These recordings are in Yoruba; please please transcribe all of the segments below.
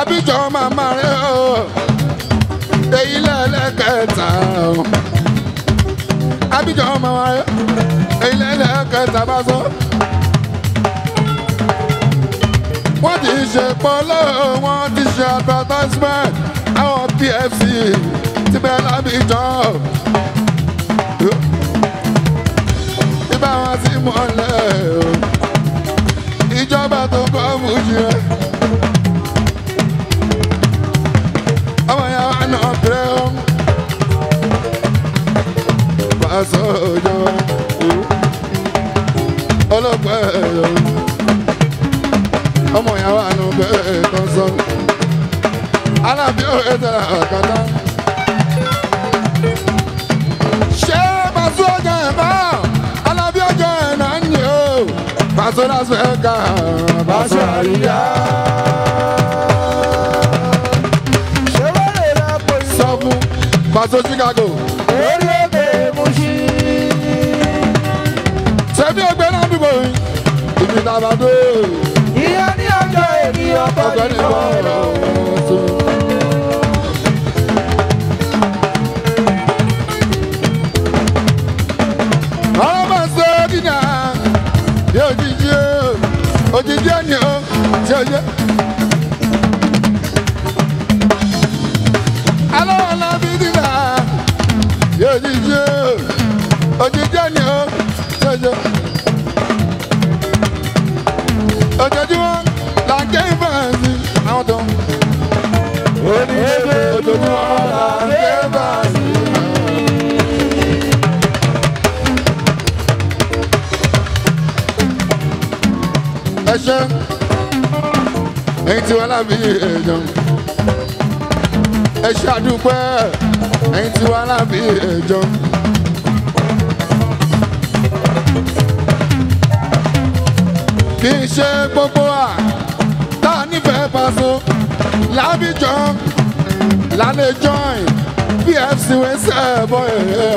àbíjọ màmá rẹ o èyí lẹ́lẹ́kẹta o àbíjọ màmá rẹ èyí lẹ́lẹ́kẹta bá sọ. wọ́n ti ṣe polo wọ́n ti ṣe advertisement àwọn pfc ti bẹ́ẹ̀ lábíjọ. ibà wọn ti mọ̀lẹ́ o ìjọba tó kọ́ mú jù ẹ́. sọ̀yọ́ ọlọ́pàá ẹ̀yọ́ ọmọ ìyàwó àánú bẹ́ẹ̀ kan sọ alábí òye tẹ̀lé àkàtà. ṣé pàṣẹ ọjà ẹ̀ bá alábí ọjà ẹ̀ náà ń yẹ o pàṣẹ náà sọ ẹ̀ ká pàṣẹ àríyá. Paso Chicago. tàbádé. ìyá ní ọjọ́ èmi ọkọ̀ ní bọ́ọ̀lù. ọmọ sọ́ọ́dínà yóò jíjẹ́ òjijì ni ó ṣe yẹ. alọ́ ọ̀la bíi dínà yóò jíjẹ́. ẹ ṣé ẹ̀yin tí wà lábí èèyàn ẹ ṣé àdúpẹ́ ẹ̀yin tí wà lábí èèyàn. kì í ṣe gbogbo à tá a nífẹ̀ẹ́ Paso lábíjọ lálẹ́ join pfc wẹ́sẹ̀ bọ́ ẹ̀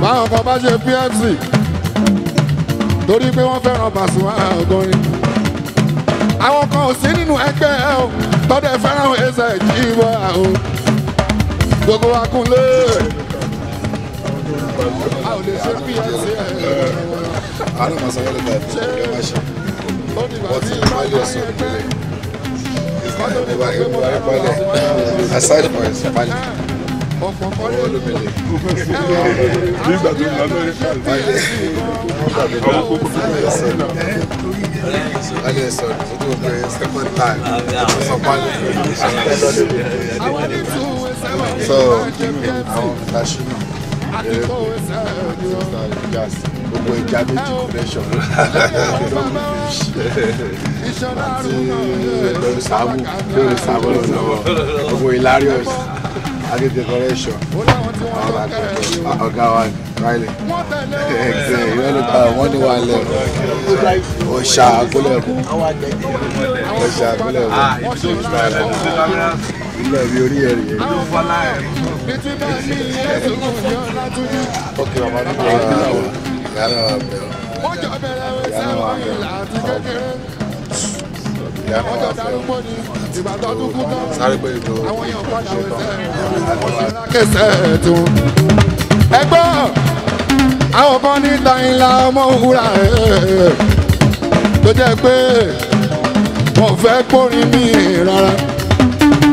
báwọn kan bá ṣe pfc torí pé wọ́n fẹ́ràn Pasuma ògùn àwọn kan ò sí nínú ẹgbẹ́ ẹ o tọ́dẹ̀ fẹ́ràn ẹsẹ̀ jíwọ́ o gbogbo wa kúnlé. a ò lè ṣe pí ẹsẹ̀ ẹ̀. àlọ́ màá sọ̀rọ̀ lẹ́gbẹ̀ẹ́ ẹ̀ máa ṣe ọtí ìpàlẹ̀ ọ̀sán ìpínlẹ̀ ìpàlẹ̀ aside from ìpàlẹ̀ ọkọ̀ kọ́ so àwọn flashy gbogbo ìjà méjì convention àti pẹ̀lú sáàmù pẹ̀lú sáàmù lọ́wọ́ gbogbo hilarious adé decoration ọ̀gá wa ni riley ẹgbẹ́ ìwé ló ta wọ́n ní ah, wa lẹ̀ ọ̀ṣà àgọ́lẹ̀kùn ọ̀ṣà àgọ́lẹ̀kùn ilé ẹ̀rí orí ẹ̀rí ẹ̀rí. ok mama ní kò yára wà bẹ̀rẹ̀ yára wà bẹ̀rẹ̀ ọ̀gá náà wà bẹ̀rẹ̀ wọ́n jọ darúgbó ni ìbàdàn tó kú tán àwọn èèyàn padà wẹ̀sẹ̀ ọ̀sẹ̀ lákẹsẹ̀ tó. ẹ gbọ́ àwọn kan ní tayinla ọmọ òwúrà tó jẹ́ pé wọ́n fẹ́ kórin mi rárá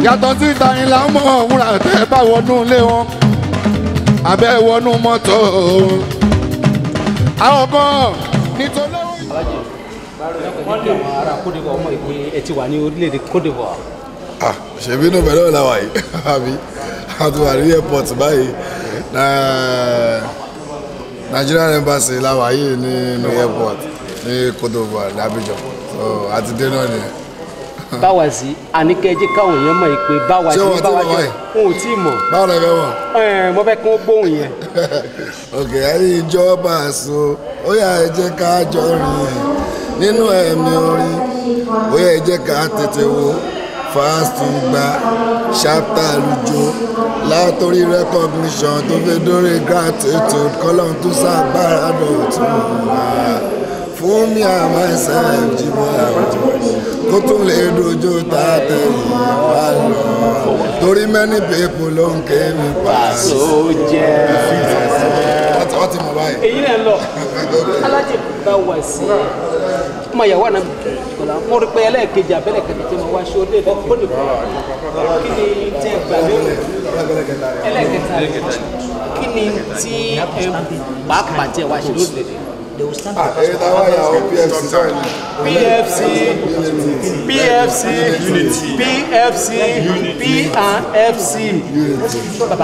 yàtọ̀ sí tayinla ọmọ òwúrà tẹ́ bá wọnú ilé wọn abẹ́ wọnú mọ́tò àwọn kan wọ́n lè àwọn ará Côte d'Ivoire ọmọ bẹ̀rẹ̀ ọ̀la wà yìí àbí a wà ní airport báyìí Nigerian embassy la wà yìí ní ní airport ní Côte d'Ivoire ní so àti dé náà nìyẹn báwàsí àníkẹ́jẹ́ káwọn èèyàn mọ̀ pé báwàsí ní báwàsí wọn ò tí mọ̀. báwo lè fẹ́ wọ̀. mo fẹ́ kí wọ́n gbóhùn yẹn. òkè àyè ìjọba àṣọ ó yà jẹ́ ká jọ rìn nínú ẹ̀mí orin ó yẹ jẹ́ ká tètè wo fásitì gba ṣáptà lùjọ látòrí recognition tó fi dórí gratitude kọ́lọ́n tó sábàrà dọ̀tún fún mi and myself jìbọn àwùjọ kó tún lè dojú ta tẹ̀yìn wá lọ torí many people ló ń ké mi pàṣẹ. wọ́n ti mọ̀ báyìí. èyí náà lọ alájẹ bá wà sí i kuma yàwó àná kọlá mo rí pé ẹlẹ́ẹ̀kejì abẹ́lẹ̀ kẹta tí mo wá ṣe ọdẹ ìdẹ́kùn ó dìbò kí ni tí ẹ gbà lérò ẹlẹ́ẹ̀kẹta kí ni tí ẹ pàápàá tí ẹ wá ṣe lóde they will stand ah, for the PFC, PFC, PFC, Unity, PFC, Unity, PFC,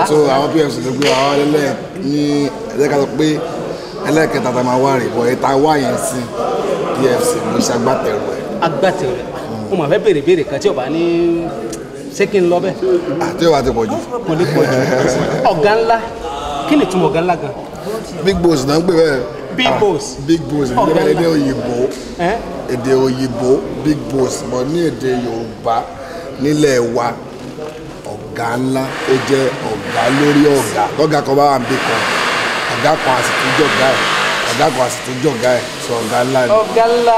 So àwọn PFC ló gbé àwọn ẹlẹ́ ní ẹlẹ́ka sọ pé ẹlẹ́kẹta tá a máa wá rè bọ̀ ẹ̀ta wá yẹn sí i efcc mo ṣe agbátẹrù ẹ. agbátẹrù ẹ mo máa fẹ́ béèrè béèrè kan tí ọba ní ṣé kí n lọ bẹ́ẹ̀. àti ìwà ti pọ̀ jù. kò lè pọ̀ ọ̀gá ńlá kí ni ìtumọ̀ ọ̀gá ńlá gan. big boss náà ń pè bẹ́ẹ̀. big boss. big boss ìjọba èdè òyìnbó èdè òyìnbó big boss mọ̀ ní èdè yorùbá nílẹ̀ wa ọ̀gá ńlá ó jẹ́ ọ̀gá lórí ọ̀gá lọ́gà kan bá wà ń bí kan ọ̀gá kan àsìkò ìjọba ẹ̀ ọ̀gá kan sì ti jọ ọ̀gá ẹ̀ sọ ọ̀gá ńlá ni. ọ̀gá ńlá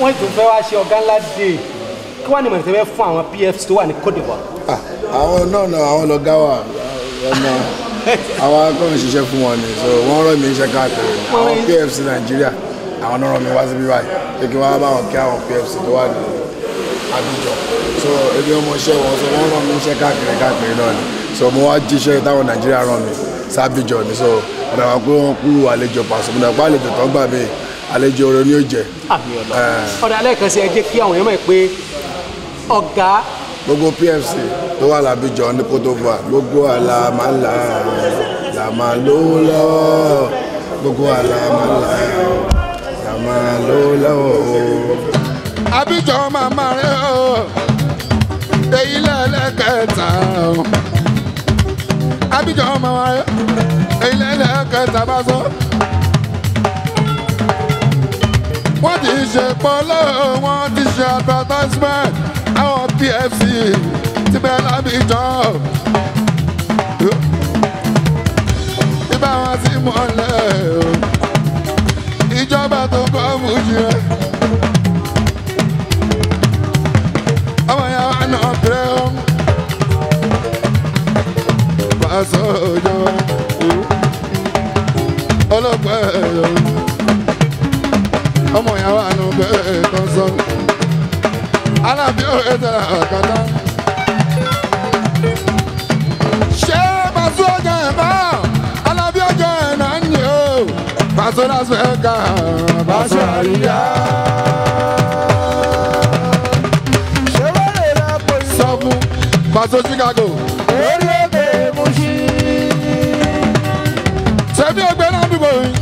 wọ́n tún fẹ́ wá ṣe ọ̀gá ńlá dé kí wọ́n ní mọ̀lẹ́tẹ̀ fẹ́ fún àwọn pfs tó wà ní Côte d'Ivoire. àwọn náà náà àwọn lọ́gá wa ọmọ àwọn akọ́ni ṣiṣẹ́ fún wọn ni so wọ́n rọ̀ mí iṣẹ́ káàkiri àwọn pfs Nàìjíríà àwọn náà rọ̀ mí wá síbí báyìí pé kí wọ́n bá wọn kí àwọn pfs tó wà ní Abidjan so ebi ọmọ iṣẹ́ wọn so wọ́n rọ̀ mí iṣẹ́ káàkiri káàkiri náà ni so mo wá jíṣẹ́ táwọn Nàìjíríà rọ̀ mí sábìjọ ni so ọ̀dà wa pé wọ́n kú àlejò Pasuma ọ̀dà pa àlejò tó ń gbà mí àlejò rẹ ni ó jẹ. ọ̀dà alẹ́ kan sí ẹ kí àwọn èèyàn mọ̀ pé ọ̀gá gbogbo PFC tó wà lábíjọ ní Côte d'Ivoire gbogbo àlàmàlà làmà ló lọ́wọ́ gbogbo àlàmàlà làmà ló lọ́wọ́. àbíjọ màmá rẹ o èyí lẹ́lẹ́kẹta o àbíjọ màmá rẹ ilẹ̀ kẹta bá sọ. wọ́n ti ṣe polo wọ́n ti ṣe advertisement àwọn pfc ti bẹ́ẹ̀ lábìjọ́. ibà wọn ti mọ̀lẹ́ ìjọba tó kọ́ fújì rẹ̀. ọmọ yẹn wà nà pẹ́rẹ́ ọ́. pàṣẹ òjò. sona swenka baswariya. ṣèwọ́lẹ̀ Chicago. lórí òkè Mushin. sẹ́mi ògbé náà dùgbò yìí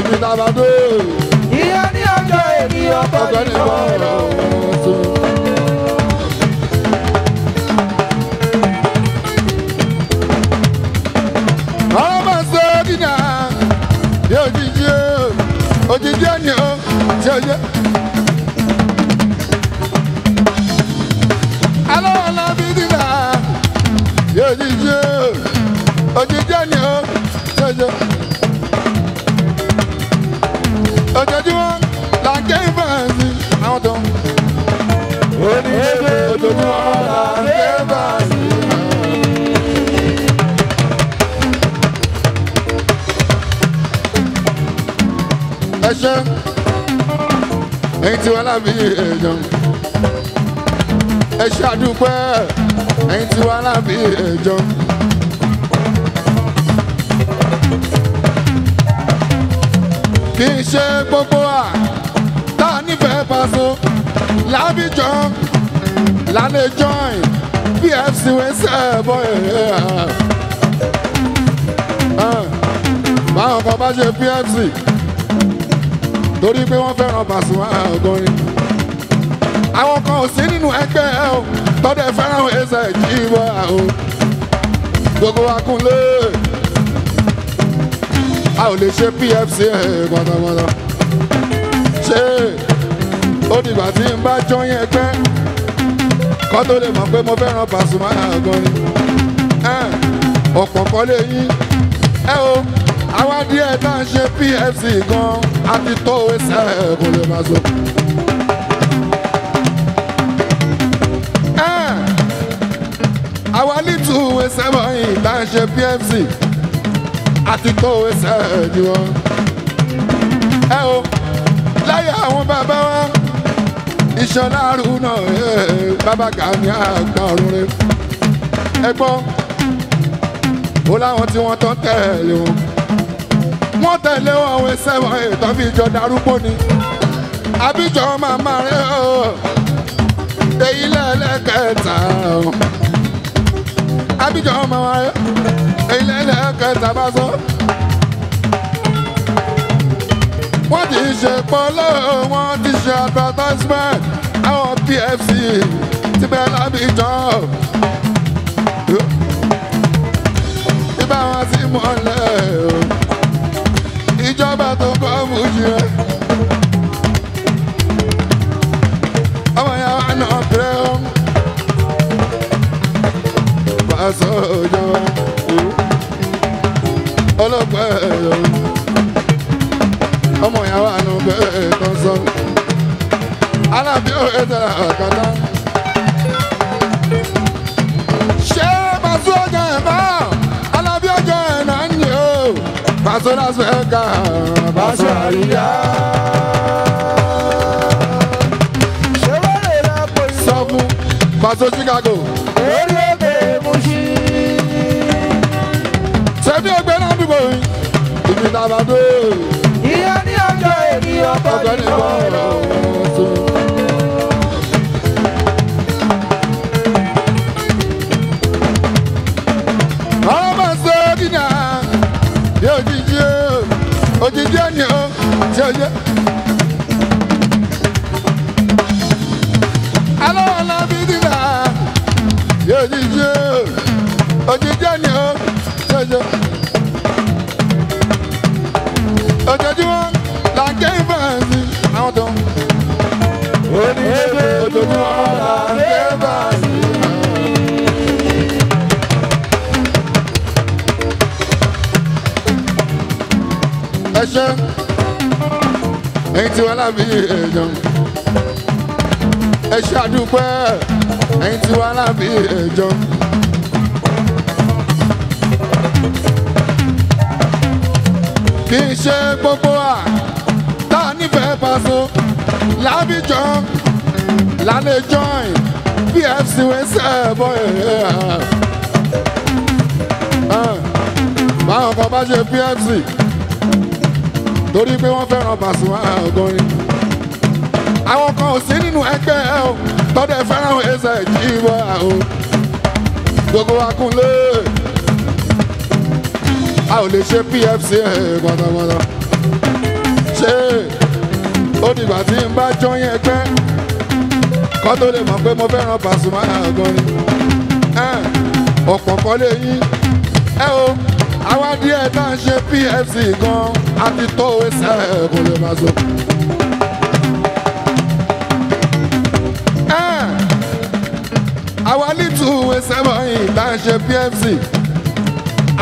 ibi tàbá dé. ìyá ní ọjọ́ èmi ọkọ̀ ìbọn rẹ̀. dìde ni o ṣe yẹ. ẹ̀yin tí wọ́n lábí èèyàn ẹ ṣàdúpẹ́ ẹ̀yin tí wọ́n lábí èèyàn. kì í ṣe gbogbo à tá a nífẹ̀ẹ́ Paso lábìjọ lálẹ́ join pfc wey sẹ́ bọ́ ẹ̀ báwọn kan bá ṣe pfc torí pé wọ́n fẹ́ràn Pasuma gan ni. àwọn kan ò sí nínú ẹgbẹ́ ẹ o tọ́dẹ̀ fẹ́ràn ẹsẹ̀ jíwọ́ o gbogbo akunlé a ò lè ṣe PFC pátápátá ṣé ó dìgbà tí n bá jọyìn ẹgbẹ́ kọ́ tó lè mọ̀ pé mo fẹ́ràn Pasuma gan ni ọ̀pọ̀ kọ́lé yín ẹ o àwa díẹ̀ tá à ń ṣe PFC gan-an àti tó ẹsẹ̀ kò lè máa so. Eh, àwa ní two ẹsẹ̀ báyìí tá a ṣe PFC àti tó ẹsẹ̀ ni wọ́n. ẹ eh o láyé àwọn bàbá wa ìṣọ̀lá àrùnà eh, bàbá Gani àgbà ọ̀run rẹ̀ ẹ gbọ́ ó láwọn tí wọ́n tán tẹ̀lé wọn wọ́n tẹ̀lé àwọn ẹsẹ̀ wọn ètò fi jọ darúgbó ni àbíjọ màmá rẹ o èyí lẹ́lẹ́kẹta o àbíjọ màmá rẹ èyí lẹ́lẹ́kẹta bá sọ. wọ́n ti ṣe polo wọ́n ti ṣe advertisement àwọn pfc ti bẹ́ẹ̀ lábíjọ. ibà wọn ti mọ̀lẹ́ o ìjọba tó kọ́ mú jẹ. ọmọ ya wà náà pẹ́ o pàṣẹ òjò ọlọ́pẹ́ ẹ̀yọ́ ọmọ ya wà náà tó sọ alábí òye àkàtà. Paso las becas, paso àríyá. Ṣé wọ́n lè ra pọ̀ yìí? Sọ fún Paso Chicago. Orí òkè mú sí. Ṣèmi ògbé náà dùbò yìí, ìbí tàbá dé. Ìyá ní ọjọ́ èmi ọkọ̀ ní bọ̀rọ̀. díẹ̀ ni ó ṣe yẹ. ẹ̀yin tí wọ́n lábí èèyàn ẹ ṣàdúpẹ́ ẹ̀yin tí wọ́n lábí èèyàn. kì í ṣe gbogbo à tá a nífẹ̀ẹ́ Paso lábìjọ lálẹ́ join pfc wẹ́sẹ̀ bọ́ ẹ̀ ah, ẹ̀ báwọn kan bá ṣe pfc torí pé wọ́n fẹ́ràn Pasuma gan ni. àwọn kan ò sí nínú ẹgbẹ́ ẹ o tọ́dẹ̀ fẹ́ràn ẹsẹ̀ jíwọ́ o gbogbo akunlé a ò lè ṣe PFC ẹ pátápátá ṣé ó dìgbà tí n bá jọyìn ẹgbẹ́ kọ́ tó lè mọ̀ pé mo fẹ́ràn Pasuma gan ni ọ̀pọ̀ kọ́ lè yín ẹ o àwa díẹ̀ náà ṣe pfc gan a ti tó owó sẹ́ẹ̀ kó lè máa sọ. àwa lítú owó sẹ́wọ̀n yìí náà ṣe pfc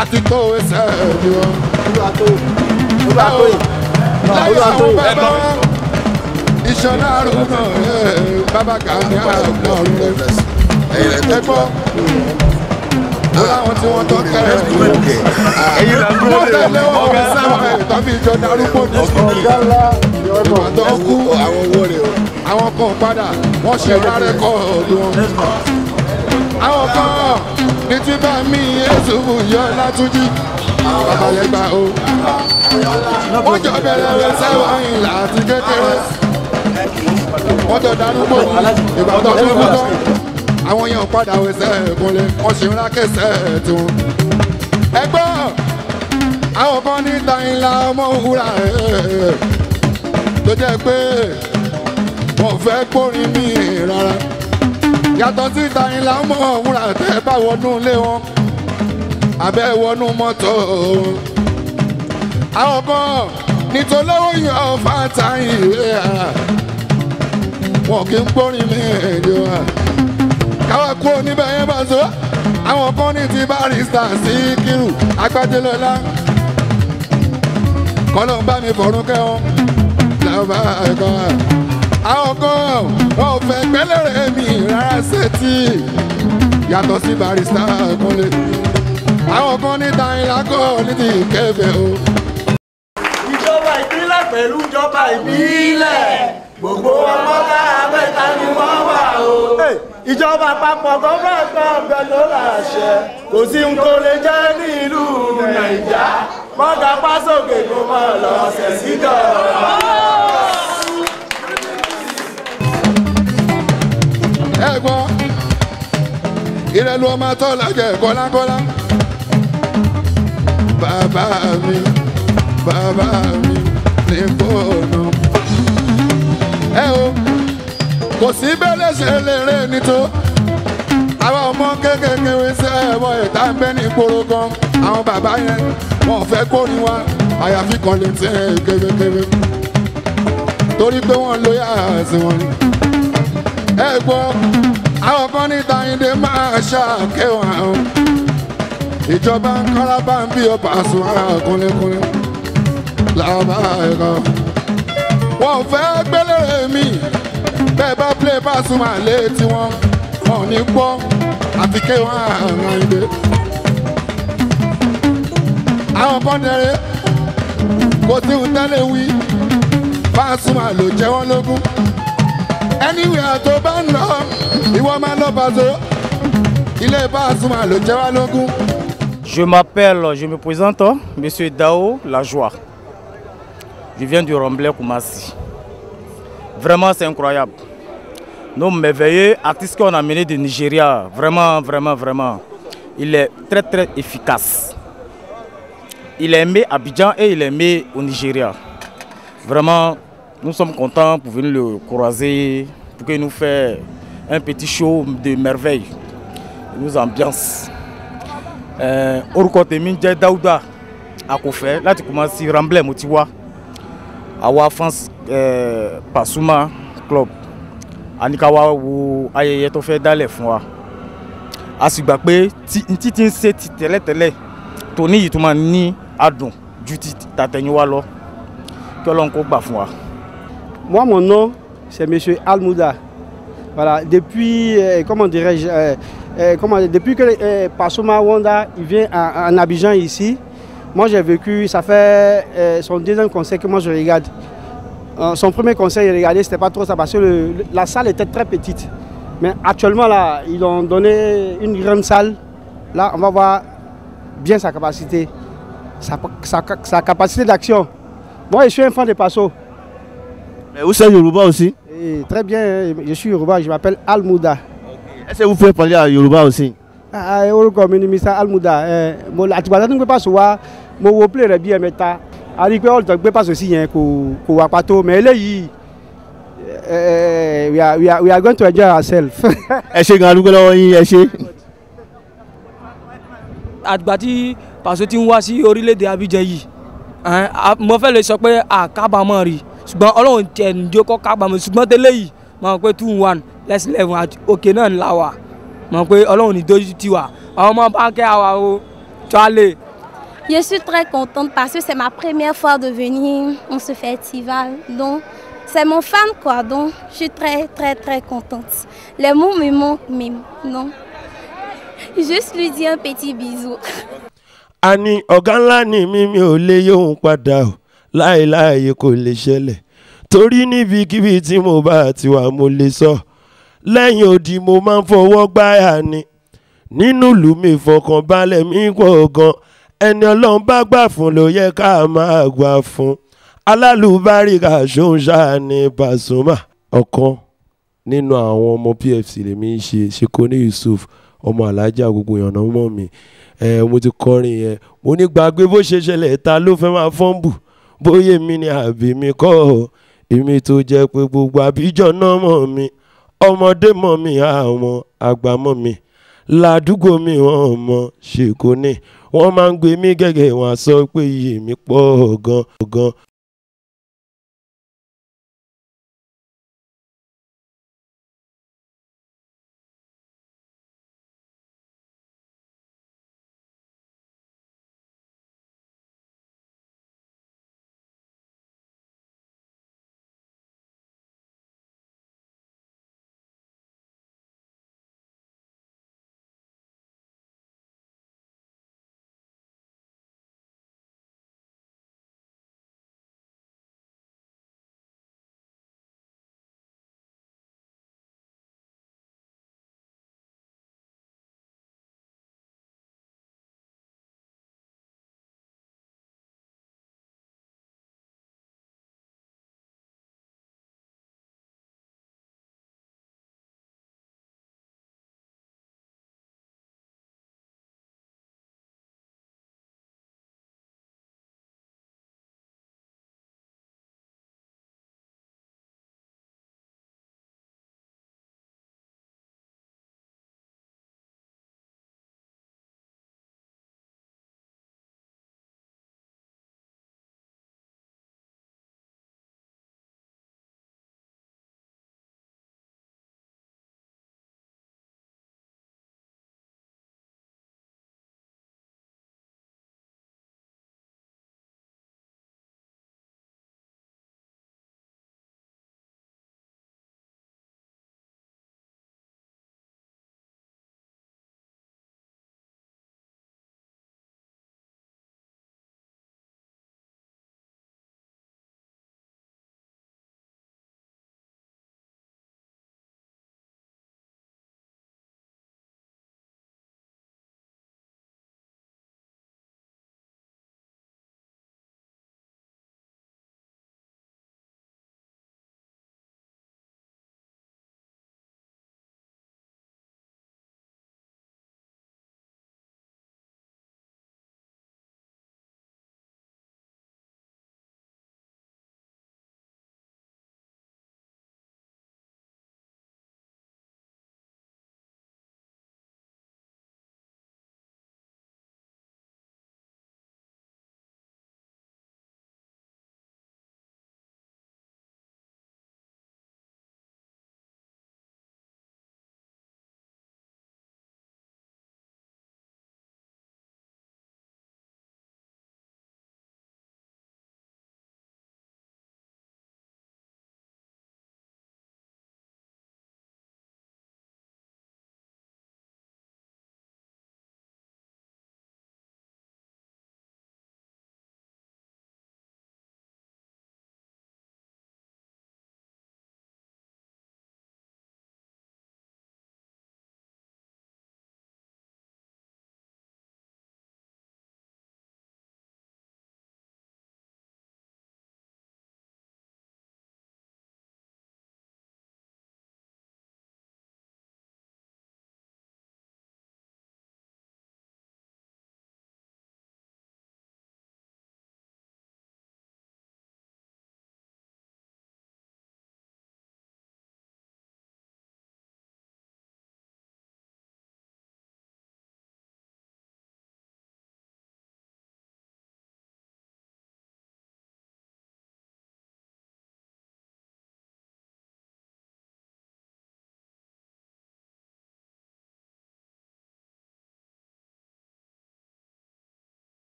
a ti tó owó sẹ́ẹ̀ ni wọ́n. láyé àwọn bàbá wa ìṣọ̀lá àrùn náà bàbá kan ní àrùn náà lẹ́gbọ́n láwọn tí àwọn kan padà wọ́n ṣe rárẹ̀ kọ́ ọ̀dọ́ wọn. àwọn kan ní tí bá mi èso yọ látúnjí àbáyẹgbà o wọ́n jọ bẹ̀rẹ̀ rẹ̀ sẹ́wọ̀n ìlà àti kékeré wọ́n jọ darúgbó ìbàdàn tó kú tán àwọn yẹn ò padà wẹsẹ̀ ìkúnlẹ̀ wọ́n sì ń ra kẹsẹ̀ tó. ẹgbẹ́ àwọn kan ní tayinla ọmọ òwúrà tó jẹ́ pé wọ́n fẹ́ kórin mi rárá yàtọ̀ sí tayinla ọmọ òwúrà tẹ́ bá wọnú ilé wọn abẹ́ wọnú mọ́tò wọn. àwọn kan nítolówó yan fata ìwé ara wọn kì í gbórin mi ìjọba káwá kú oníbẹ̀ yẹn bá so àwọn kan ní ti barista Síkírù Agbájélọ́lá kọ́lọ́ ń bá mi fọ̀rún kẹ́wọ́n làbá ẹ̀kọ́ àwọn kan wọn ò fẹ́ gbẹ́lẹ́rẹ́ mi rárá ṣètì yàtọ̀ sí barista Kúnlé àwọn kan ní tàyínlá kọ́ ní ti kẹfẹ́ o. ìjọba ìpínlẹ̀ pẹ̀lú ìjọba ìbílẹ̀ gbogbo ọmọ tá a fẹ́ ta ni wọ́n wà o ìjọba àpapọ̀ gọ́ọ̀mọ̀ gbọ́ǹgbẹ́ ló láṣẹ kò sí n kò lè jẹ́ ní ìlú nàìjà mọ́gà pásòkè kò mọ̀ lọ́sẹ̀ síjọba. ẹ gbọ́ ìrẹ́lu ọmọ atọ́ làjẹ́ kọ́lákọ́lá bàbá mi bàbá mi ní bọ́ọ̀nù ẹ o kò sí bẹ́lẹ̀ ṣe lèrè nító àwọn ọmọ kéékèèké ṣe ẹ̀wọ ìta ń bẹ́ ní ìgboro gan àwọn bàbá yẹn wọn ò fẹ́ kó ní wa àyàfi kan lè tẹ́ kékeré torí pé wọ́n lóyà sí wọn ni ẹ gbọ́ àwọn kan ní tayinde máa ṣàkẹ́ wọn ìjọba ń kára bá ń bí ọba àsùn àkúnlẹ̀kúnlẹ̀ làbá ẹ̀kọ́ wọn fẹ́ gbélé mi. bẹ́ẹ̀ play Pasuma létí wọn wọn ò ní gbọ́ àfi ké wọn àràn ìdè. àwọn kan dẹrẹ kò sí ohun tẹ́lẹ̀ wí Pasuma ló jẹ́ wọ́n lógún. anywhere tó bá ń lọ ìwọ máa lọ Paso ilé Pasuma ló jẹ́ wọ́n lógún. Je m'appelle, je me présente, Monsieur Dao Lajoie. Je viens du Remblai Koumassi. Vraiment, c'est incroyable nos merveilleux artistes qu'on a amené de Nigeria. Vraiment, vraiment, vraiment. Il est très, très efficace. Il est aimé à Abidjan et il est aimé au Nigeria. Vraiment, nous sommes contents pour venir le croiser, pour qu'il nous fasse un petit show de merveille. Il nous ambiance. Euh, Daouda, Kofé, là tu commences à tu vois. France, euh, Pasuma Club a ní ká to wo ayẹyẹ tó fẹ́ dálẹ̀ fún wa a sì gbà pé títí ń ṣe ti tẹ́lẹ̀tẹ́lẹ̀ tòní yìí tó máa ni adùn ju ti wa. Moi, mon nom, c'est Monsieur Almouda. Voilà, depuis, euh, comment dirais-je, euh, euh, comment, depuis que Pasuma Wanda il vient en, Abidjan ici, moi j'ai vécu, ça fait son deuxième concert que moi je regarde. Euh, son premier conseil, regardez, c'était pas trop ça parce que la salle était très petite. Mais actuellement, là, ils ont donné une grande salle. Là, on va voir bien sa capacité, sa, capacité d'action. Moi, je suis un fan de Passo. Mais vous êtes Yoruba aussi Très bien, hein, je suis Yoruba, je m'appelle Almouda. Est-ce que vous pouvez parler à Yoruba aussi Ah, Yoruba, Almouda. Je hein. ne peux pas savoir, je vous plaît bien, mais a rí i pé ọ̀lùtọ̀ gbé pàṣẹsí yẹn kò kò wà pàtó mẹ́ eléyìí we are we are we are going to enjoy ourselves. ẹ ṣe gan adúgbò lọ́wọ́ yín ẹ ṣe. àgbà tí pàṣẹ ti ń wá sí orílẹ̀-èdè Abidjan yìí mo fẹ́ lè sọ pé àkábàámọ̀ rí ṣùgbọ́n ọlọ́run tiẹ̀ ń jó kọ́ kábàámọ̀ ṣùgbọ́n tẹ́lẹ̀ yìí mo pé two one less eleven àti òkè náà ńlá wa mo pé ọlọ́run ní dojú tiwa àwọn ọmọ bá ń kẹ́ àwa o tó a lè. Je suis très contente parce que c'est ma première fois de venir en ce festival. Donc, c'est mon fan, quoi. Donc, je suis très, très, très contente. Les mots me manquent même, non Juste lui dire un petit bisou. Ani Oganlani Mimi Oleyo Padao. Lai, Lai, kò lè ṣẹlẹ̀ torí níbikíbi tí mo bá ti wà mo lè sọ lẹ́yìn odi mo máa ń fọwọ́ gbáyà ni nínú ìlú mi ìfọ̀kànbalẹ̀ mi gan ẹni ọlọ́run bá gbà fún ló yẹ ká máa gbà fún alálùbáríkà ṣóńṣà ní Pasuma ọ̀kan nínú àwọn ọmọ PFC lèmi ń ṣe Ṣèkóní Yusuf ọmọ alájà gbogbo ìyànà mọ́ mi ẹ mo ti kọrin yẹn mo ní gbàgbé bó ṣe ṣẹlẹ̀ ta ló fẹ́ máa fọ́nbù bóyá èmi ni àbí mi kọ́ ọ èmi tó jẹ́ pé gbogbo àbíjọ náà mọ̀ mi ọmọdé mọ̀ mi àwọn àgbà mọ̀ mi làdúgbò mi wọ́n mọ̀ Ṣèkóní. wọ́n máa ń gbé mi gẹ́gẹ́ wọn aṣọ pé iyì mi pọ̀ gan-an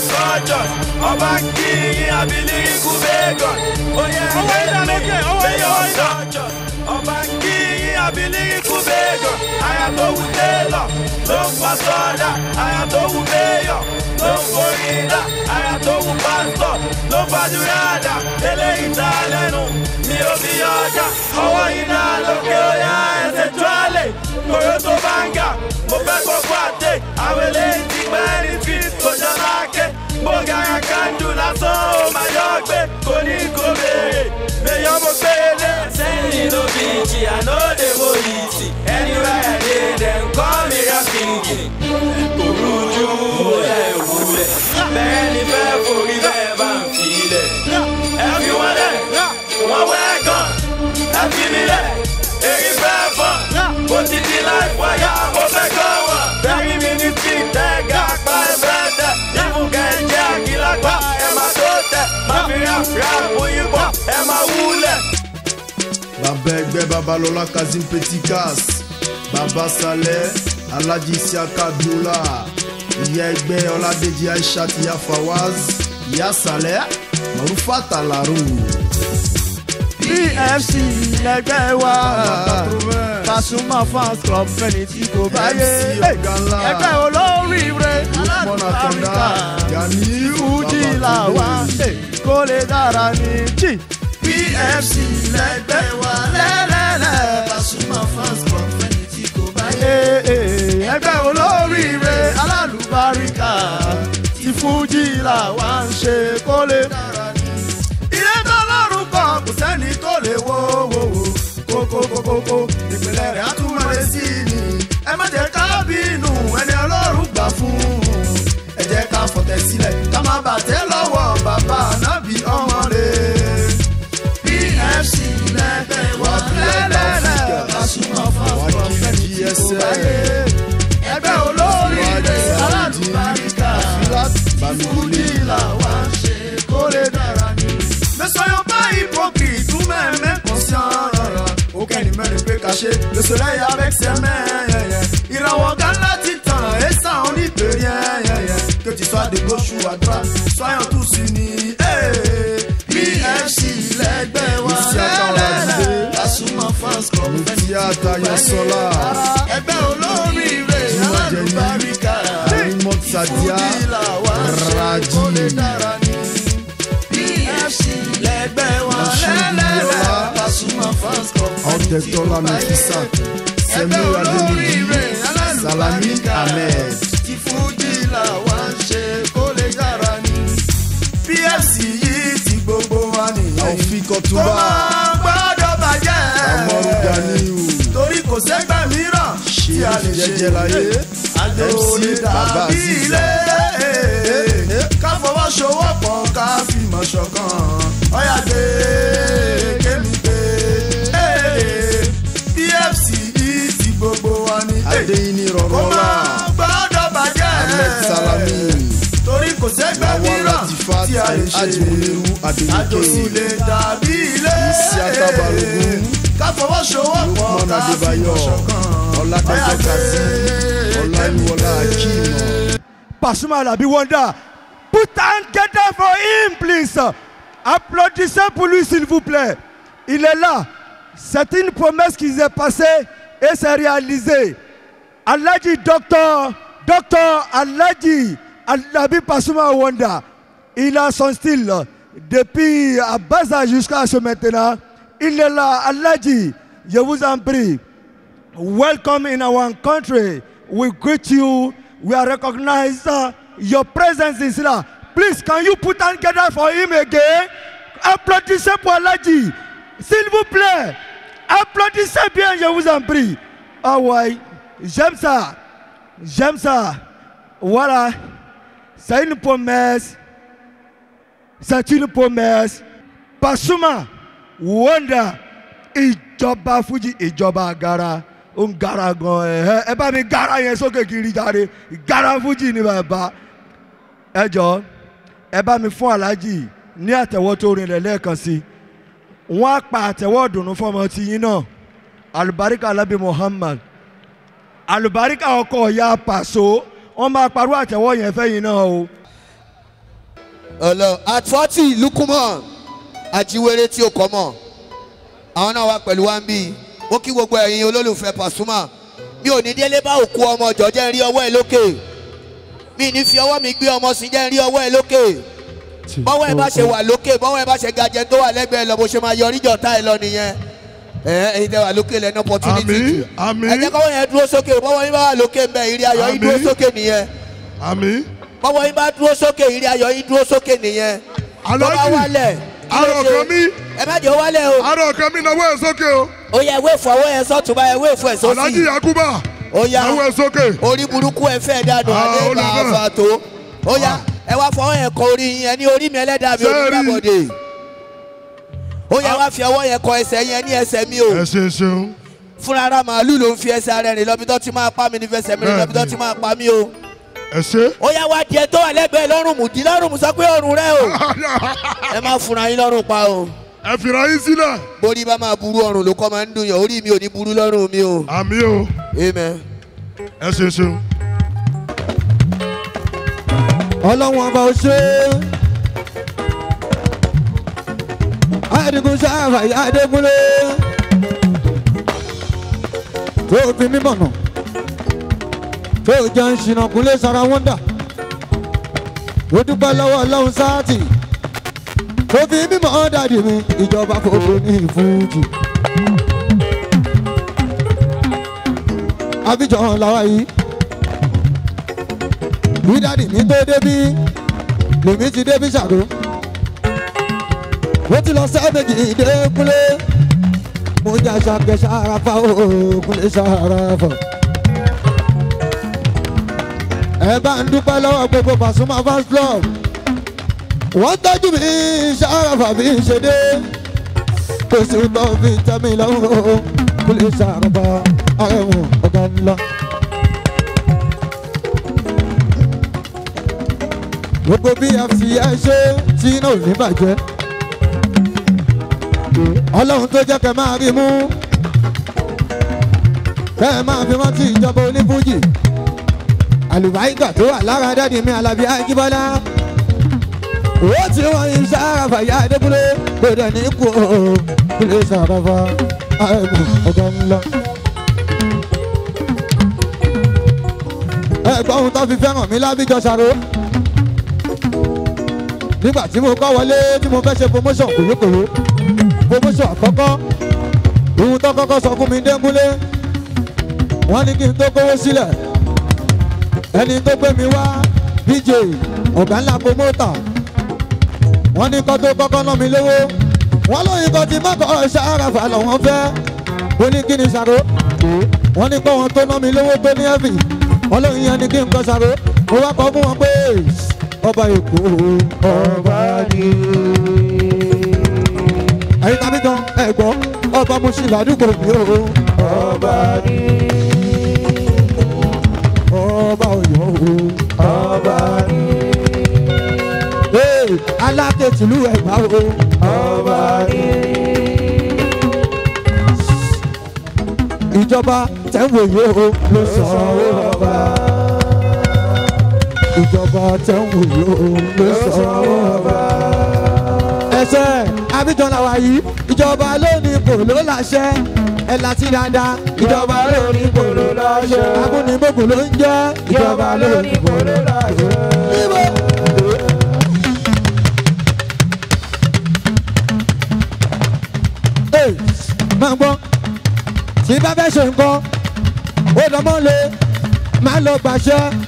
soldiers. Ọba kiri abiliriku vegan. Oyè ẹgbẹ́ mayor soldiers. Ọba kiri abiliriku vegan. Aya tó wù Taylor ló ń pọ̀ sọ́dà. I tó the mayor tó ń kórìíra aya tó kú pásítọ̀ ló ń fàdúrà àdá eléyìí ta lẹ́nu ni ó fi yọ ọjà ọwọ́ iná lókè ọ̀yà ẹsẹ̀ tíwálè tó bá ń gà mo fẹ́ gbogbo àtẹ àwọn eléyìí ti pẹ́ ní fi kò jọ láàké mo gàrà kandu ó máa yọ gbé kò ní kó béèrè mèyàn mo gbé lé. sẹ́yìn ló fi jìyà lóde mo anywhere I dey dem call me Rap bẹ́ẹ̀ ni fẹ́ forí bẹ́ẹ̀ bá ń filẹ̀. ẹ fi wọn lẹ̀ wọ́n wẹ́ gan ẹ fi mi lẹ̀ èyí fẹ́ fọ́ bó ti di láì wáyà mo fẹ́ kọ́ wọn. bẹ́ẹ̀ni mi ní fi tẹ́ gàpá ẹ fẹ́ tẹ̀ yẹ́fun kẹ́ ẹ jẹ́ àgìlágbá ẹ máa tó tẹ̀ má fi rí àfíà òyìnbó ẹ máa wúlẹ̀. bàbá ẹgbẹ́ babalọ́lá Kazeem Petikas bàbá Saleh Alhaji Isiaka Abiola ìyá ẹgbẹ́ ọládèjì aisha ti ya fawaz ìyá sàlẹ̀ marufata laro. bfc lẹgbẹ́ wa Pasuma fans club fẹ́ni tí kò bá yé ẹgbẹ́ olóríire mọ̀nàkọ̀dá fújì làwọn kó lè dára ní jì. bfc lẹgbẹ́ wa lẹ́lẹ́lẹ́ Pasuma fans club fẹ́ni tí kò bá yé ẹgbẹ́ olóríire alálùbáríkà ti fújì là wá ń ṣe kó lè dára ní. ilé tọ́lọ́run kọ kò sẹ́ni tó lè wo wo wo kókókókókó ìpìlẹ̀ rẹ̀ á tún máa sí ni. ẹ má jẹ́ ká bínú ẹni ọlọ́run gbà fún un ẹ jẹ́ ká fọ̀tẹ̀ sílẹ̀ ká má bàtẹ́ lọ́wọ́ bàbá náà. soleil avec ses mains. Il renvoie la titan et ça on n'y peut rien. Que tu sois de gauche ou à droite, soyons tous unis. BFC lẹ́gbẹ́ wa lẹ́lẹ́lẹ́ Pasuma fans club fẹ́ni àtàyè sọlá. Ẹgbẹ́ olóríire alálùbáríkà. Àrùn Dr Lamidi Sarr Sẹ̀mí Adéníyì Salami Ahmed. ti fújì wá ń ṣe kó lè yára ni PFC yìí ti gbogbo wa nìyẹn. Àwòfin Kọ́túbà. kó máa gbọ́dọ̀ bàjẹ́. àmọ́rú Ganiu. torí kò sẹ́gbà mìíràn tí a lè ṣe jẹjẹ láyé. àjò ní tàbí ilé ká fọwọ́sowọ́pọ̀ ká fìmọ̀ ṣọ̀kan ọ̀yà dé. adéyìnì la biwanda. for him please applaudissez pour lui s'il vous plaît il est là c'est une promesse qui s'est passée et s'est réalisée Allaji Docteur, Docteur alaji. Alabi Pasuma Wanda, il a son style. Depuis à jusqu'à ce maintenant, il est là. Alaji, je vous en prie. Welcome in our country. We greet you. We are recognized. Your presence is là. Please, can you put together for him again? Applaudissez pour Alaji, S'il vous plaît, applaudissez bien, je vous en prie. Ah J'aime ça. J'aime ça. Voilà. C'est une promesse. C'est une promesse. Pasuma, Wanda, ìjọba Fuji, ìjọba gara. Ó gara gan eh eh. bá mi gara yẹn sókè kiri jáde. Gara Fuji ni bàbá. Ẹ jọ ẹ bá mi fún aláàjì ní àtẹ̀wọ́ tó rinlẹ̀ lẹ́ẹ̀kan sí i wọ́n á pa àtẹ̀wọ́ ìdùnnú fọmọ tiyín náà alubarika alabi Muhammad àlùbáríkà ọkọ y'a pàṣọ wọn máa parú àtẹ́wọ́ yẹn fẹ́yìn náà o. ọ̀lọ́ àtúwátì lukumọ̀ àjíwèrè tí o kọ́ mọ̀ àwọn náà wà pẹ̀lú wa ń bí mo kí gbogbo ẹ̀yin olólùfẹ́ Pasuma mi ò ní délé bá òkú ọmọ ọjọ́ jẹ́ rí ọwọ́ ẹ lókè mi ní fi ọwọ́ mi gbé ọmọ sí jẹ́ rí ọwọ́ ẹ lókè bọ́wọ́ ẹ bá ṣe wà lókè bọ́wọ́ ẹ bá ṣe gajẹ tó wà lẹ́gbẹ̀ẹ́ lọ bó ṣe máa yọrí jọ̀tá ẹ lọ nìyẹn ẹ ẹyin tẹ wà lókè lẹ ní opportunity jù ẹ jẹ́ kọ́wọ́ yẹn dúró sókè bọ́wọ́ yín bá wà lókè mbẹ́ ìrì ayọ̀ yín dúró sókè nìyẹn bọ́wọ́ yín bá dúró sókè ìrì ayọ̀ yín dúró sókè nìyẹn bọ́wọ́ wálẹ̀ arọ kan mi ẹ má jẹ́ ó wálẹ̀ o arọ kan mi náwó ẹ̀ sókè o ó yẹ ewé fún ọwọ́ yẹn sọ́tún bá ewé fún ẹ̀ sósì alájí yakuba náwó ẹ̀ sókè orí burúkú ẹ fẹ́ dànù ah, adé bá a fà tó ó yá ah. ẹ wá fọwọ́ yẹn kọ orí yẹn ní orí mi ẹlẹ́dàá mi orí mi bá bọ̀dé ó yẹ wá fi ọwọ́ yẹn kọ ẹsẹ̀ yẹn ní ẹsẹ̀ mi o. ẹ ṣe ṣeun. fúnra ara màálù ló ń fi ẹsẹ̀ ara rìn lọ́bi tó ti máa pa mi ní fẹsẹ̀ mi lọ́bi tó ti máa pa mi o. ẹ ṣe. ó yẹ wá díẹ̀ tó wà lẹ́gbẹ̀ẹ́ lọ́rùn mù dí lọ́rùn mù sọ pé ọrùn rẹ o. ẹ má fúnra yín lọ́rùn pa o. ẹ fìrà yín sílẹ̀. borí bá máa burú ọrùn ló kọ́ máa ń dùn yàn orí mi ò ní burú lọ́rùn mi o. àmì o. amen. ẹ ṣe ṣeun. ọlọ́wọ́n ọba ò ṣe é. Ade Ṣàdìgún Ṣàfàyà Adékúnlé tó fi mi mọ̀nà tó jẹ́ ń ṣìnà kúnlé sara wọ́ndà ó dúpẹ́ lọ́wọ́ ọlọ́run sáàtì tó fi mí mọ̀ dàdí mi ìjọba fòfin ní ìfújì. Abidjan làwa yìí bí dàdí mi tó débí lèmi ti débí ṣàdó ó ti lọ sẹ́ẹ̀mẹ̀jì ìdẹ́kúnlé mo jẹ́ ṣàkẹ́ ṣàràfà òkúnlé ṣàràfà. ẹ bá ń dúpẹ́ lọ́wọ́ gbogbo Pasuma fans club wọ́n tọ́jú mi ṣàràfà mi ṣe dé kò sí tó fi tẹ́ mi lọ́wọ́ òkúnlé ṣàràfà àrẹ̀wọ̀n ọ̀gá ńlá. gbogbo bí a fi ẹ ṣe tí náà ò ní bàjẹ́ ọlọ́run tó jẹ́ kẹ́ máa rí mú kẹ́ máa fi rántí ìjọba onífújì àlùbáríkà tó wà lára dádì mi alábí akíbọ́lá ó ti wọ́n yín sára fàyà adébúlé gbọdọ̀ ní kú ilé sàràfà àìmọ̀ ọ̀gá ńlá. ẹ̀gbọ́n ohun tó fi fẹ́ràn mi lábíjọ ṣàrò nígbà tí mo kọ́ wọlé tí mo fẹ́ ṣe promotion kòrókòró promotion àkọ́kọ́ ohun tó kọ́kọ́ sọ fún mi Dékúnlé wọ́n ní kí n tó kówó sílẹ̀ ẹni tó gbé mi wá DJ ọ̀gá ńlá promoter wọ́n ní kọ́ tó kọ́kọ́ ná mi lówó wọ́n lóyún kan ti mọ́kọ́ ṣàràfà lọ́wọ́n fẹ́ ó ní kí ni ṣàró wọ́n ní kọ́ wọn tó ná mi lówó tó ní ẹ̀fì wọ́n yẹn ní kí n kọ́ ṣàró ó wá kọ́ fún wọn pé ọba Èkó ọba ni ẹ̀yin tàbí gan ẹ̀gbọ́n ọba mo ṣì ládùúgbò mi o. ọba ní. ọba Ọ̀yọ́ o. ọba ní. aláké tìlú Ẹ̀gbá o. ọba ní. ìjọba tẹ̀ ń wòye o ló sọ ọba. ìjọba tẹ̀ o ló sọ ọba abidjan làwà yìí ìjọba lónìí kò ló láṣẹ ẹ láti dáadáa ìjọba lónìí kò ló láṣẹ amúnibòkò ló ń jẹ ìjọba lónìí kò ló láṣẹ. máa gbọ́ tí bá fẹ́ ṣe nǹkan ó lọ́mọ́ le máa lọ gbàṣẹ́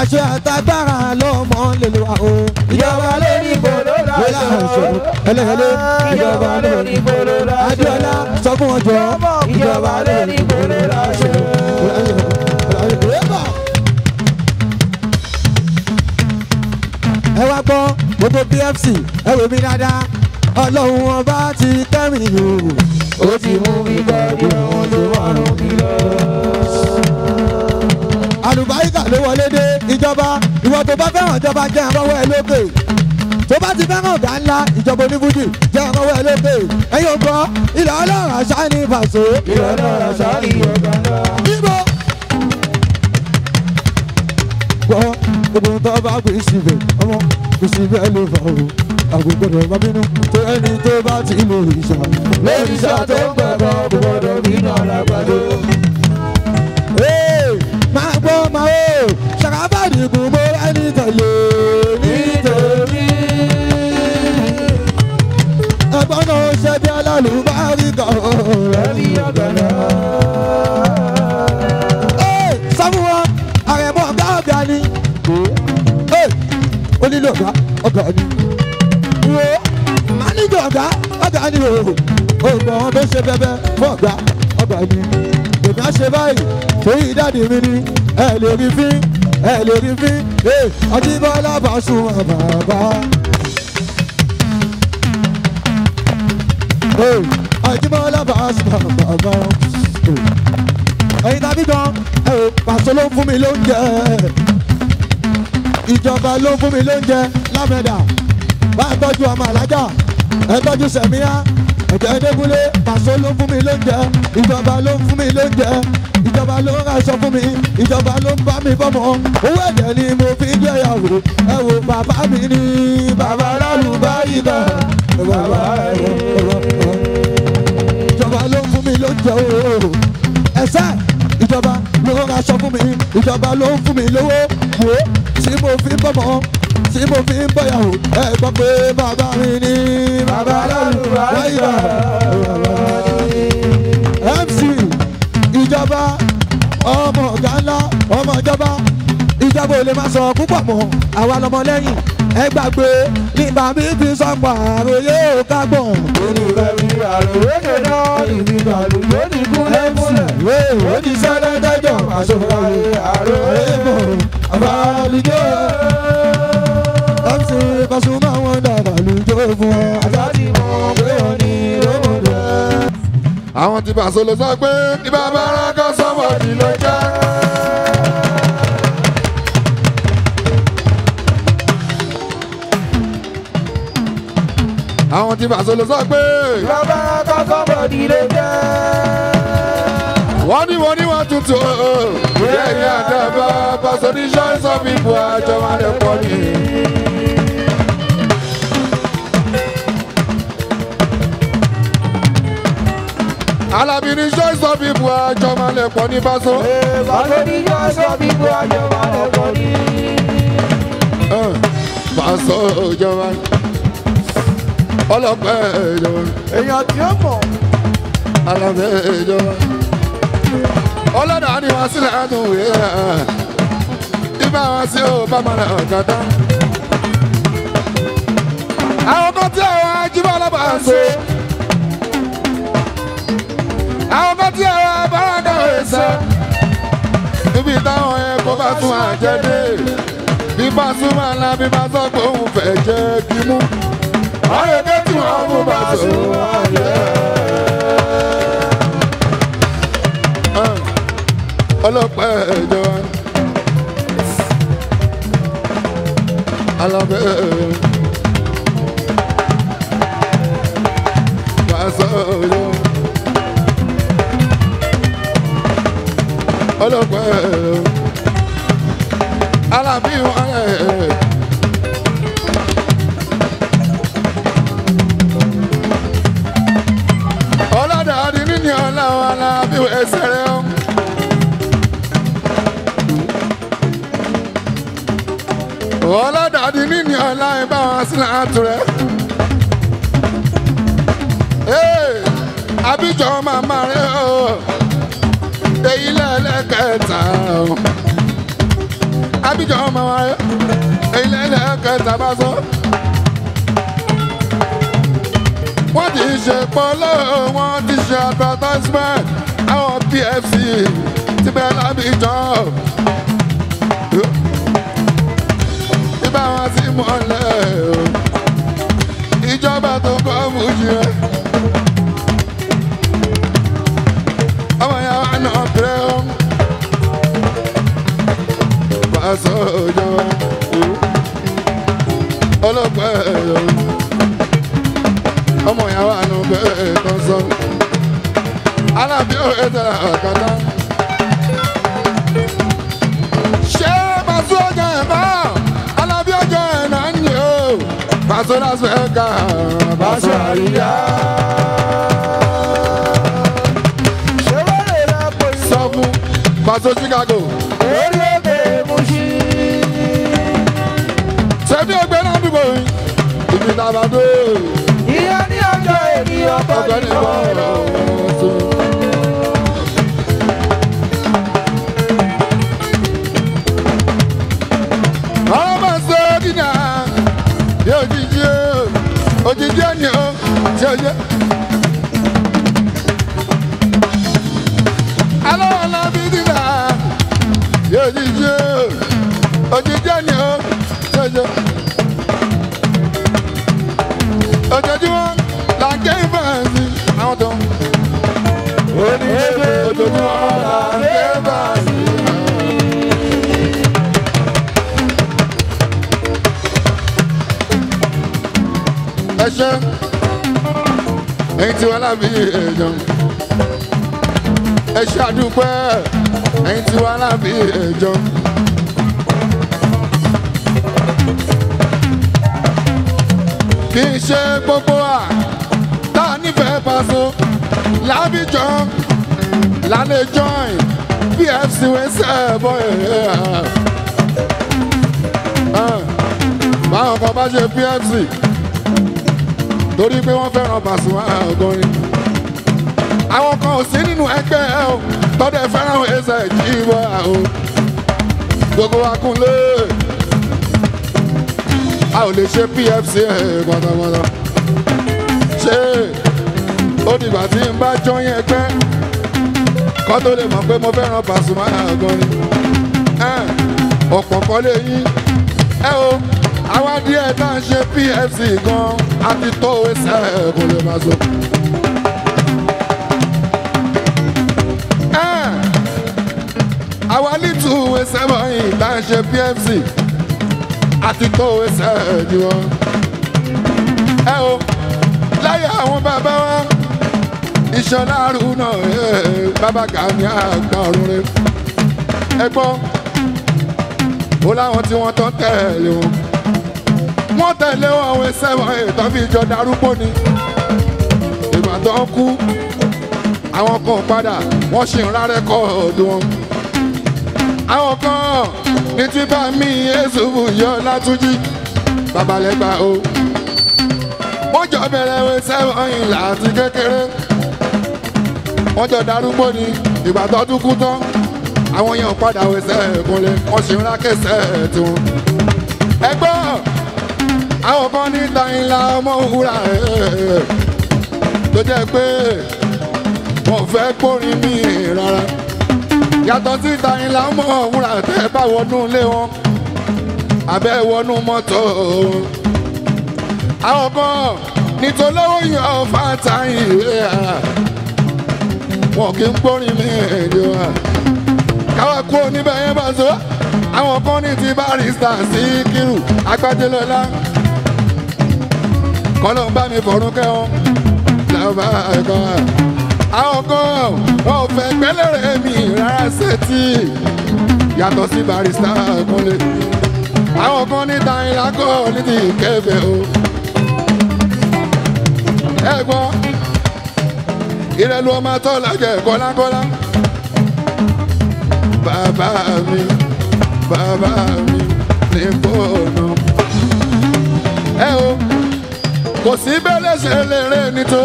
àṣẹ àtagbára lọ́mọ lèlò wa o. ìjọba lórí ìgbòho lọ́la ìṣòro ẹlẹ́hẹ́lẹ́ ìjọba lórí ìgbòho lọ́la ìṣòro Adéọlá sọ fún wọn jọ ìjọba lórí ìgbòho lọ́la ìṣòro. ẹ wá gbọ́ gbogbo PFC ẹ wò mí dáadáa ọlọ́run ọba ti tẹ́rìn yòówù ó ti mú mi gbọ́ bí ọ̀hún lówó. ìjọba ìwọ tó bá fẹ́ràn ìjọba jẹ́ ìrànwọ́ ẹ lókè tó bá ti fẹ́ràn ọ̀gá ńlá ìjọba oníbùdì jẹ́ ìrànwọ́ ẹ lókè ẹ̀yin ò ilẹ̀ ọlọ́run àṣà ní ìfàṣọ. ilẹ̀ ọlọ́run àṣà ní ọ̀gá ńlá. gbọ́ gbogbo tó bá gbé síbẹ̀ ọmọ kò síbẹ̀ ló fà ó àgùnbọ̀dọ̀ bá bínú tó ẹni tó bá ti lò ìṣà. lóríṣà tó ń gbàgbọ́ gbọ́dọ̀ àdìgún mo rà ní tẹ̀lé nítorí. ẹ̀gbọ́n náà ṣe bí alálùbárí kan lórí ọ̀gá náà. sábúwọ́ àrẹ̀mọ́ ọ̀gá ọ̀gá ni ó nílò ọ̀gá ọ̀gá ni wo máníjà ọ̀gá ọ̀gá ni o ṣe bẹ́bẹ́ ṣe báyìí mi ni ẹ lè rí fín ẹ lè rí fín Àjíbọ́lá Pasuma bàbá. Àjíbọ́lá Pasuma bàbá. ẹ̀yin tàbí gan Paso ló ń fún mi lóúnjẹ ìjọba ló ń fún mi lóúnjẹ lámẹ́dà bá a tọ́jú ọmọ àlájà ẹ tọ́jú sẹ̀míyá ẹ̀jẹ̀ ẹ̀dẹ́gúnlé Paso ló ń fún mi lóúnjẹ ìjọba ló ń fún mi lóúnjẹ ìjọba ló ń aṣọ fún mi ìjọba ló ń bá mi bọ́mọ owó ẹ̀jẹ̀ ni mo fi ń jẹyàwó ẹ wo bàbá mi ni bàbá aráàlú bá yíká bàbá ẹ̀rọ ẹ̀rọ ẹ̀rọ ìjọba ló ń fún mi lóúnjẹ ooo ẹ̀sẹ̀ ìjọba ló ń aṣọ fún mi ìjọba ló ń fún mi lówó wò ó tí mo fi ń bọ́mọ tí mo fi ń bọ̀yàwó ẹ gbọ́ pé bàbá mi lè má sọ púpọ̀ mọ́ àwa lọmọ lẹ́yìn ẹ gbàgbé nígbà mi ti sọ pààrọ̀ yóò kágbọ̀n. olùfẹ́ mi àròwé lè dá ìdí màlú lórí kúlẹ̀ múlẹ̀ lórí sẹ́lẹ̀ dájọ́ àṣọra àròwé bọ̀ àbálùjọ. mc Pasuma wọn dà bàlùjọ fún ọ. àtàtì mọ pé wọn ní rọmọdé. àwọn ti Paso ló sọ pé ibà bá rákọ sọmọdì ló àwọn tí Paso ló sọ pé. lọ́ba kọ́sọ́bọ̀ nílé jẹ́. wọ́n ní wọ́n ní wọ́n tuntun o. Oh, bóyá oh. ìyá àdàbà Paso ní ṣọ́ọ̀ṣì ọ̀fìbù àjọ máa lè pọ̀ ní. Alábí ní ṣọ́ọ̀ṣì ọ̀fìbù àjọ máa lè pọ̀ ní Paso. Paso ní ṣọ́ọ̀ṣì ọ̀fìbù àjọ máa lè pọ̀ ní. Paso ìjọba ọlọ́pẹ́ ìjọba. èèyàn tí ó mọ̀. alamẹ ìjọba. ọlọ́dà ni wọ́n sílẹ̀ ẹnu ìyá. ibà wọn sí ò bá máa nà kàtá. àwọn kan tí àwọn ajíbọ̀ ọlọ́pàá ń ṣe. àwọn kan tí àwọn abáradà ń ṣe. níbi táwọn ẹ̀kọ́ bá tún àjẹ́ dé. bí bá súnmọ́ ńlá bí bá sọ pé òun fẹ́ jẹ́ kí mú ayọ̀dẹ́ tí wọ́n mú bá sọ ayẹ́. ọlọ́pàá ẹ̀jọ̀ alábẹ́ bá sọ ayọ́. alábí wọn ẹ̀jọ̀. ẹsẹ̀ rẹ o. ọlọ́dàdì nínú ọ̀la ìbá wọn sí láàtú rẹ. abijọ́ màmá rẹ o èyí lẹ́lẹ́kẹta o abijọ́ màmá rẹ èyí lẹ́lẹ́kẹta bá sọ. wọ́n ti ṣe polo wọ́n ti ṣe advertisement àwọn pfc ti bẹ́ẹ̀ lábí jọ. ibà wọn ti mọ̀lẹ́ ìjọba tó kọ́ fújì rẹ̀. ọmọ yà wà nà pẹ́rẹ́ o. pàṣẹ òjò ọlọ́pàá ẹ̀yọ ọmọ yà wà nà pẹ́rẹ́ kan alábí òye tẹ̀lé ọ̀kadà. ṣé pàṣẹ ọjà ẹ̀ bá alábí ọjà ẹ̀ náà ń yẹ o pàṣẹ lásán ẹ̀ ká pàṣẹ àríyá. ṣé wọ́n lè ra pòyì. sọ fún pàṣẹ Chicago. lórí òkè Mùṣí. sẹ́mi ògbẹ́ náà dìbò yìí ìbí tàbá dé. ìyá ní ọjọ́ èmi ọkọ̀ nìkan. bí èèyàn ẹ ṣàdúpẹ́ ẹ̀yin tí wàhálà bí èèyàn. kì í ṣe gbogbo à tá a nífẹ̀ẹ́ Paso lábìjọ lálẹ́ join pfc wẹ́sẹ̀ bọ́ ẹ̀ ẹ̀ ah, báwọn kan bá ṣe pfc torí pé wọ́n fẹ́ràn Pasuma gan ni. àwọn kan ò sí nínú ẹgbẹ́ ẹ o tọ́dẹ̀ fẹ́ràn ẹsẹ̀ jíwọ́ o gbogbo akunlé a ò lè ṣe PFC pátápátá ṣé ó dìgbà tí n bá jọyìn ẹgbẹ́ kọ́ tó lè mọ̀ pé mo fẹ́ràn Pasuma gan ni ọ̀pọ̀ kọ́lé yín ẹ o àwa díẹ̀ tá à ń ṣe pfc gan a ti tó ẹsẹ̀ kò lè máa so. Ah! àwa lítú ẹsẹ̀ báyìí tá à ń ṣe pfc a ti tó ẹsẹ̀ jù wọn. ẹ o láyé àwọn bàbá wa ìṣọ̀lá àrùnà eh, bàbá Gani àgbà ọ̀run rẹ̀ ẹ gbọ́ ó láwọn tí wọ́n tán tẹ̀lé wọn wọ́n tẹ̀lé àwọn ẹsẹ̀ wọn ìtàn fi jọ darúgbó ni ìgbà tó ń kú àwọn kan padà wọ́n ṣì ń rárẹ́ kọ́ ọdún wọn. àwọn kan ní tí bá mi Yésùfù yọ látúnjí babalẹ́gbà o. wọ́n jọ bẹ̀rẹ̀ wẹ sẹ́wọ̀n ìlà àti kékeré. wọ́n jọ darúgbó ni ìgbà tó dúkú tán àwọn yẹn padà wẹ sẹ́ẹ̀kúnlẹ̀ wọ́n ṣì ń rákẹ́sẹ̀ tiwọn. ẹgbọ́n a ò bọ́ níta ìlà ọmọ òwúrà eh, tó jẹ́ pé wọ́n fẹ́ gbórin mi rárá yàtọ̀ síta ìlà ọmọ òwúrà tẹ́ bá wọnú ilé wọn abẹ́ wọnú mọ́tò àwọn kan nítolówó yan fata ìwé wọn kì í gbórin mi ìjọba káwá kúrò níbẹ̀ yẹn bá so àwọn kan ní ti barista Síkírù Agbájélọ́lá kọ́lọ́ ń bá mi fọ̀rún kẹ́ wọn. làbá ẹ̀kọ́ àwọn kan ò fẹ́ gbẹ́lẹ́rẹ́ mi rárá sétí yàtọ̀ sí barista kúnlẹ̀. àwọn kan ní tàyínlá kọ́ ní ti kẹfẹ́ o. ẹ gbọ́ ìrẹ́lu ọmọ tọ́lá jẹ́ kọ́lákọ́lá. bàbá mi bàbá mi ní bọ́ọ̀nù. ẹ o kò sí bẹ́lẹ̀ ṣe lè rẹ́ ni tó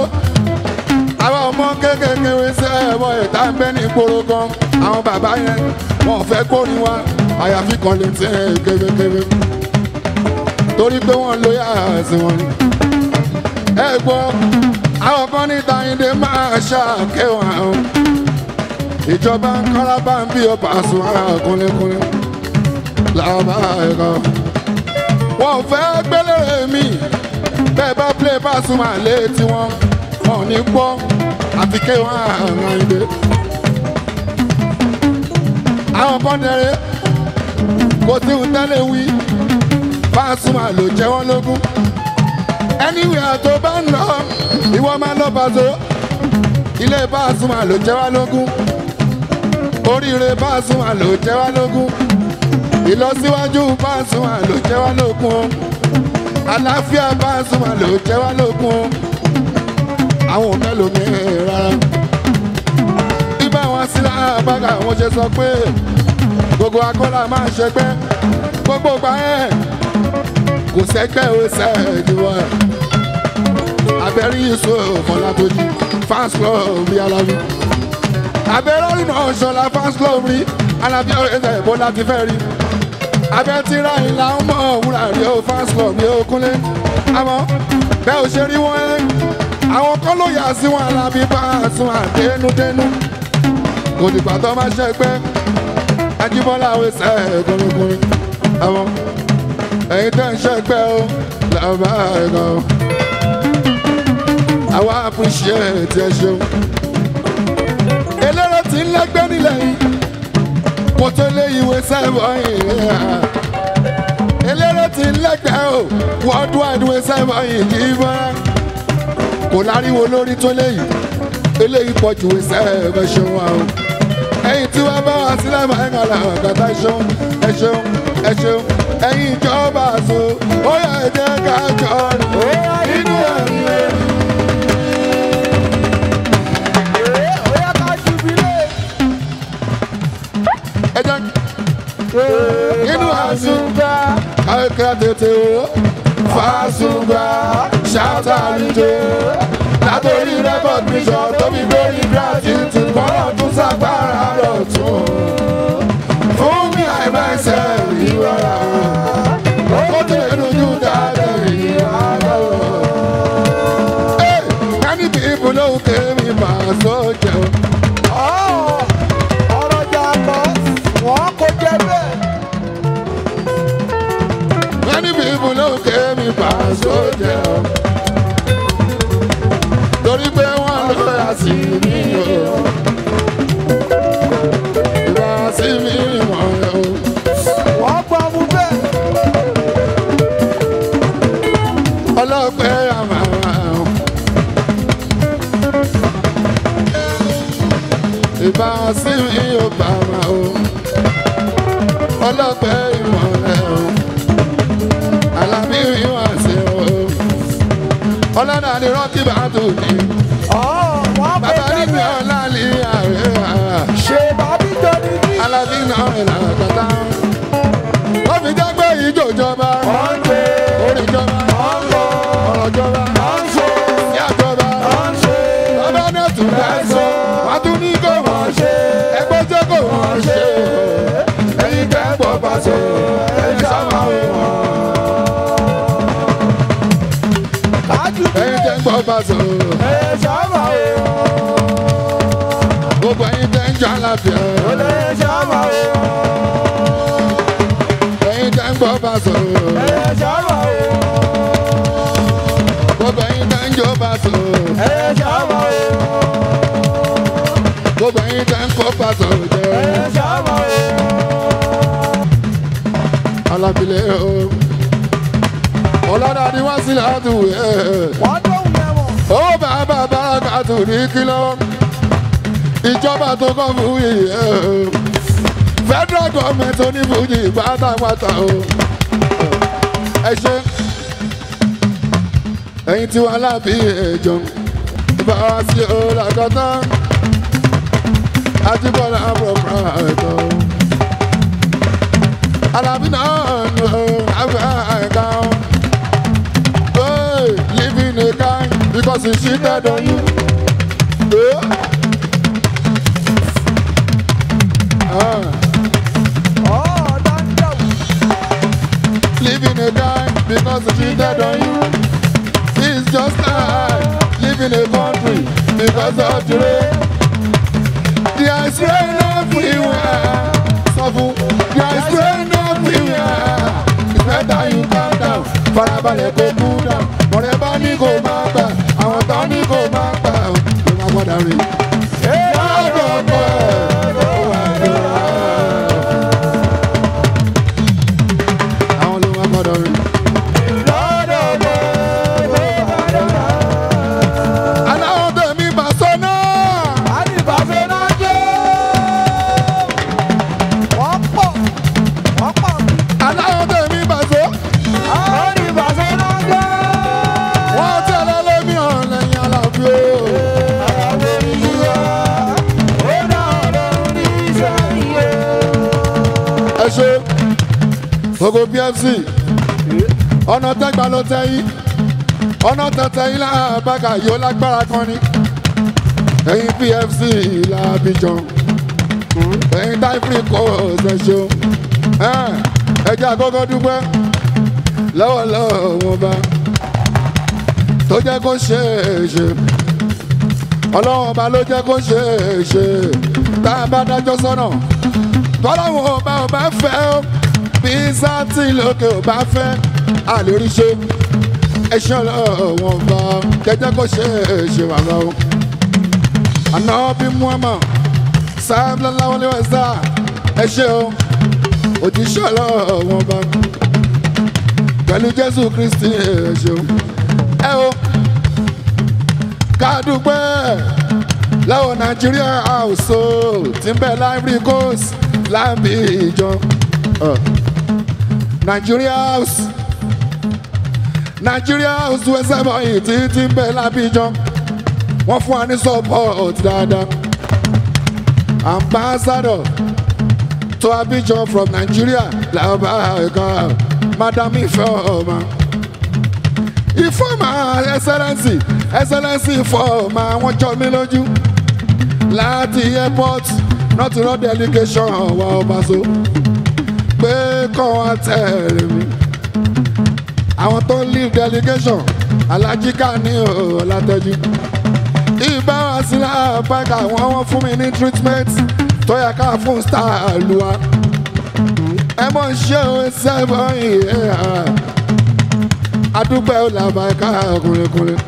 àwọn ọmọ kéékèèké ṣe ẹ̀wọ̀ ìta ń bẹ́ ní ìgboro gan àwọn bàbá yẹn wọn ò fẹ́ kórin wa àyàfi kan lè tẹ́ ẹ kékeré torí pé wọ́n lóyà sí wọn ẹ gbọ́ àwọn kan ní Táyìndé máa ṣàkẹ́wọ̀n àwọn ìjọba ń kára bá ń bí ọba àsùnwọ̀n àkúnlẹ̀kúnlẹ̀ làwọn bá ẹ̀kọ́ wọn ò fẹ́ gbélére mi bẹ́ẹ̀ bá play Pasuma létí wọn wọn ò ní gbọ́ àfi ké wọn àràn ilé. àwọn kan dẹrẹ kò sí ìtẹ́lẹ̀ wí Pasuma ló jẹ́ wọn lógún. anywhere tó bá ń lọ ìwọ máa lọ pàṣẹ ilé Pasuma ló jẹ́ wá lógún oríire Pasuma ló jẹ́ wá lógún ìlọsíwájú Pasuma ló jẹ́ wá lógún àlàáfíà bá súnmọ́ ló jẹ́ wá lógún àwọn òbẹ́ lómi rárá ibà wọn sí láàbàgà àwọn ṣe sọ pé gbogbo akọ́là máa ń ṣẹgbẹ́ gbogbo gbà ẹ̀ kò sẹ́gbẹ́ ò sẹ́ẹ̀dì wọ́n abẹ́rí Yusuf Ọlábójì fans club rí Alábí abẹ́rẹ́ rìnà ọ̀ṣọ́lá fans club rí Alábí ọ̀rẹ́ ẹ̀bọ́lá ti fẹ́ rí abẹ́tíra ìlà ń mọ̀ òwúrà rí o fans club rí o kúnlé àmọ́ bẹ́ẹ̀ ò ṣe rí wọ́n ẹ́ àwọn kọ́ ló yà sí wọn alábí bá a sun àdénúdénú kò dìgbà tó máa ṣe pé Ajíbọ́lá wẹ̀ sẹ́ ẹ̀gúnrúgúnrin àmọ́ ẹ̀yin tẹ́ ń ṣe pé o làbá ẹ̀gàn àwa appreciate ẹ ṣeun. mo tó lé ìwé sẹ́wọ̀n yìí eléré ti ń lẹ́gbẹ̀ẹ́ o wọ́ọ̀dù àdúgbò sẹ́wọ̀n yìí yìí mọ́ kò láríwo lórí tó léyìí eléyìí pọ̀ ju sẹ́wọ̀n ṣẹ́wọ̀n o ẹ̀yin tí wọ́n bá wà sílẹ̀ máa ń kàlà kàtà ẹ̀ṣọ́ ẹ̀ṣọ́ ẹ̀ṣọ́ ẹ̀yin ìjọba àṣọ ó yà ẹ̀jẹ̀ ká jọ rìn inú ẹ̀mí ẹ jẹ́ inú àsùngbà àìkà tètè o fàásùngbà ṣàtàlùjẹ látòrí rẹ́kọ̀d bíṣọ̀ tó fi gbórí brazil tó bọ́rọ̀ tún sàgbára lọ́tún fún mi àìmọ̀ẹ́sẹ̀ ìwọ̀ra ó tún lè dojú dáadé ìyá lọ́wọ́. ẹni tí ibùdó òkè mi máa sọ jẹun. àwọn sójà o. torí pé wọ́n lọ àṣì mi o. ìwà àṣì mi mọ̀ o. wọ́n gbọ́ mú bẹ́ẹ̀. ọlọ́pẹ́ àmàmà o. o. ọlọ́pẹ́. àlàáfíà. olóyè sábà o. ẹ̀yin tẹ́ ń gbọ́ Paso. olóyè sábà o. gbogbo ẹ̀yin tẹ́ ń jó Paso. olóyè sábà o. gbogbo ẹ̀yin tẹ́ ń kó Paso jẹ. olóyè sábà o. alábìlẹ̀ o. ọlọ́dà ni wọ́n sílẹ̀ àtúwẹ̀. wọ́n dọ̀wù mẹ́wọ̀n ìjọba tó kọ́ fújì eh. federal government onífújì pátápátá o ẹ ṣe ẹyin tí wọn lábí ẹjọ bá sí ọlàkọtà àtibọlá àbọkà ẹtọ alábí náà nù àbẹ ẹka o hey living a kind because he cheated on you. cheated on you. It's just I live in a country because of the rain. The ice rain everywhere. Savu, ice rain everywhere. It's better you calm down. Farabalẹ̀ kò cool down. Bọ̀dẹ̀ bá ní kò má gbà, àwọn tán ní kò má gbà. àgbà ló tẹ́yìn ọ̀nà tẹ̀tẹ̀yìn làbàgà yóò lágbára kan ni ẹ̀yin pfc làbíjan ẹ̀yin táìpì kò ṣẹ̀ṣọ́ ẹ̀jẹ̀ àkọ́kọ́ dúpẹ́ lọ́wọ́lọ́wọ́ wọn bá tó jẹ́ kó ṣeéṣe ọlọ́run ọba ló jẹ́ kó ṣeéṣe tá a bá dájọ́ sọ́nà tọ́láwọn ọba ọba fẹ́ bí sátì lókè ọba fẹ́ àlè rí ṣe ẹṣin ọ̀wọ́n bá jẹjẹ kó ṣe é ṣe bàbá o. Ànábì Muhammad sallallahu alaihi wasallam ẹ ṣé o òjíṣẹ́ ọlọ́wọ́n bá pẹ̀lú Jésù Kristi ẹ o. ẹ o ká dúpẹ́ lọ́wọ́ Nàìjíríà àwòsó tí ń bẹ Ivory Coast láàbì ìjọ Nàìjíríà àwòsó. Nigeria, oṣù ẹsẹ̀ bọ̀yìn tí tí ń bẹ lábíjan wọ́n fún wa ní support Dada? ambassador to Abidjan from Nigeria làbá ẹ̀ka madam ife ọ̀ma ìfọ̀mà Excellency, ẹsẹ̀lẹ́sì ìfọ̀mà wọ́n jọ mí lójú láti airport north road delegation wa ọba so pé kàn wá tẹ̀lé mi àwọn tó ń leave delegation alájíká ní ọ̀làtẹ́jú. ìbára sílá bàgà wọn wọ́n fún mi ní treatment tó yẹ ká fún star luwa. ẹ mọ̀ ń ṣe òun sẹ́fọ̀n yìí adúpẹ́ ọ̀làbà ẹ̀ka ọkùnrinkùnrin.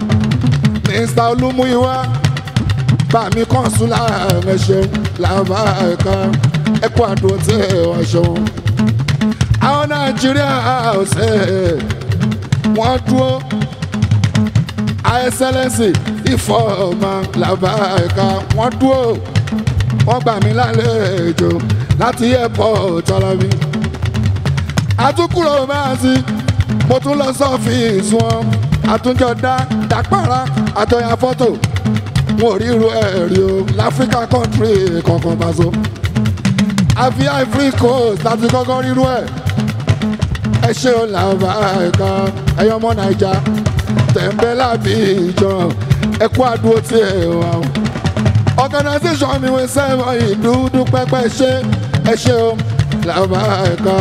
mr olúmúyíwá bàmí kọ́ńsúlà ẹ̀ṣẹ̀ làbà ẹ̀ka ẹ̀kọ́ àdó tẹ̀ wá ṣeun. àwọn nàìjíríà ọ̀sẹ̀ wọ́n dúró àẹsẹlẹsì ìfọ̀ọ̀mọ làbá ẹ̀ka wọ́n dúró wọ́n gbà mí lálejò láti airport Alábí. àtúkúrò máa sí mo tún lọ sọ́ọ̀fíìsì wọn àtúnjọ dá dàpárá àtọyà fọ́tò wọn ò ríru ẹ̀rí o láfíríkà kọ́ńtírì kankan bá so àfi Ivory Coast láti kọ́kọ́ ríru ẹ̀ ẹ ṣeun làbá ẹ̀ka ẹ̀yọ́ ọmọ nàìjà tẹ̀m̀bẹ́lá bí ìjọ ẹ kú àdúró tí ẹ wà o. organisation mi wọ́n sẹ́wọ̀n ìdúdú pẹ́pẹ́ ṣe ẹ ṣeun làbá ẹ̀ka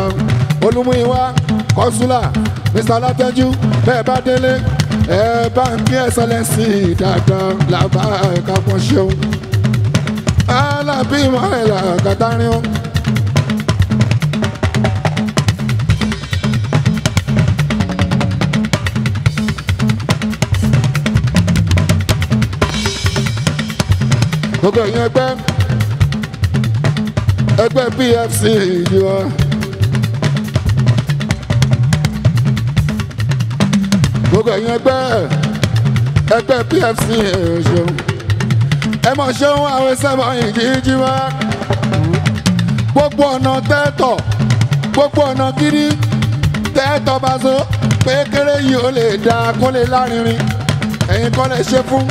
kọ́sùlà mr látẹ́jú bẹ́ẹ̀ bá délé ẹ bá ń kí ẹsẹlẹsì dáadáa làbá ẹ̀ka kan ṣeun. alábìmọ̀ ẹ̀ làkàtà rin o. gbogbo ẹ̀yin ẹgbẹ́ ẹgbẹ́ PFC ni wọ́n. gbogbo ẹ̀yin ẹgbẹ́ ẹgbẹ́ PFC ṣeun ẹ mọ̀ ṣeun àwọn sẹ́mọ̀ ìjíjí wá gbogbo ọ̀nà tẹ́tọ̀ gbogbo ọ̀nà kiri tẹ́tọ̀ bá so pé kéré yìí ó lè dáa kó lárinrin ẹ̀yin kọ́ lè ṣe fún.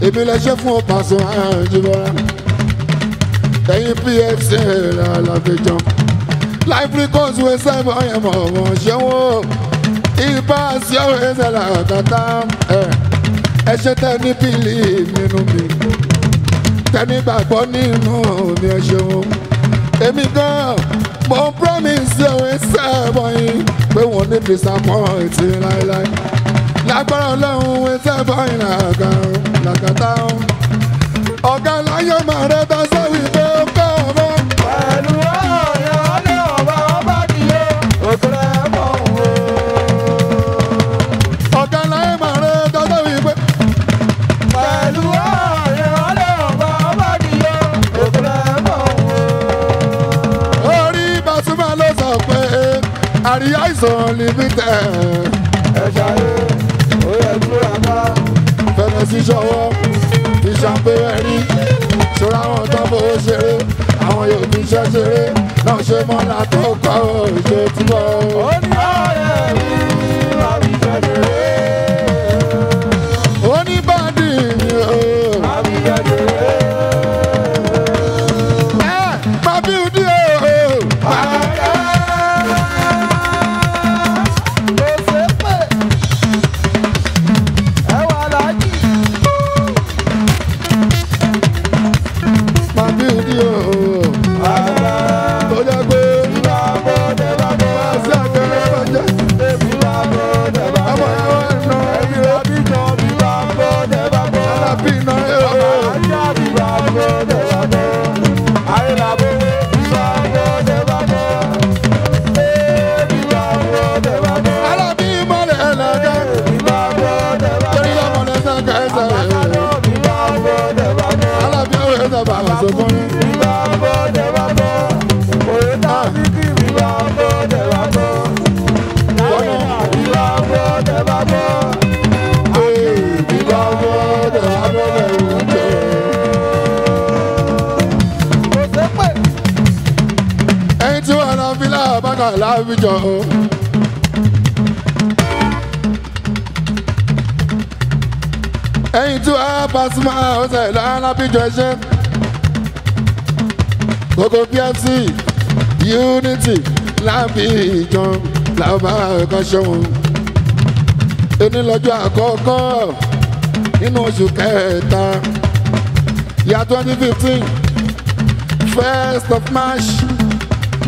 Ebi ibi lẹ́sẹ̀ fún ọ̀pàṣọ àjùbọ̀ra ah, ẹ̀yin pfc làlàbẹ̀jọ láìpẹ́ wey ẹsẹ̀ ọ̀yẹ̀ mọ̀ ọ̀mọ̀ ṣẹ́wọ́ ibà sí ọ̀rọ̀ ẹsẹ̀ làkàtà ẹ̀ṣẹ̀ tẹ̀ ní pìlì nínú mi tẹ̀mí gbàgbọ́ nínú mi ẹ̀ ṣeun èmi gan mo promise ẹ̀wọ̀n ẹsẹ̀ ọ̀yìn pé wọ́n ní disappoint láéláé lágbára ọlọ́run ẹsẹ̀ bọ́ ìràgà làkàtà o. ọ̀gá láyé máa rẹ bá sọ wípé ó kọ́ ọmọ. pẹ̀lú ọ̀yọ́ ní ọ̀bá ọba nìyẹn òkúrẹ́ mọ̀ wò. ọ̀gá láyé máa rẹ bá sọ wípé. pẹ̀lú ọ̀yọ́ ní ọ̀bá ọba nìyẹn òkúrẹ́ mọ̀ wò. orí Pasuma ló sọ pé àríyá ìsọ̀rọ̀ lè fi tẹ̀. ti ṣọwọ́ ti ṣàpérè rí ṣọ́ra wọn tán fowó ṣeré àwọn yóò fi ṣẹ́ ṣeré náà ṣe mọ́ra tó kọ́ òjò túbọ̀. ó ní ọ̀rẹ́ mi. jọ o. ẹ̀yin tí wàá Pasuma ọ̀sẹ̀ lọ́la bíjọ ẹṣẹ́ gbogbo pfc unity láàbí ìjọ làwọn bá ẹ̀kọ́ ṣẹ́wọ̀n ẹni lọ́jọ́ àkọ́kọ́ nínú oṣù kẹta ya twenty fifteen first of march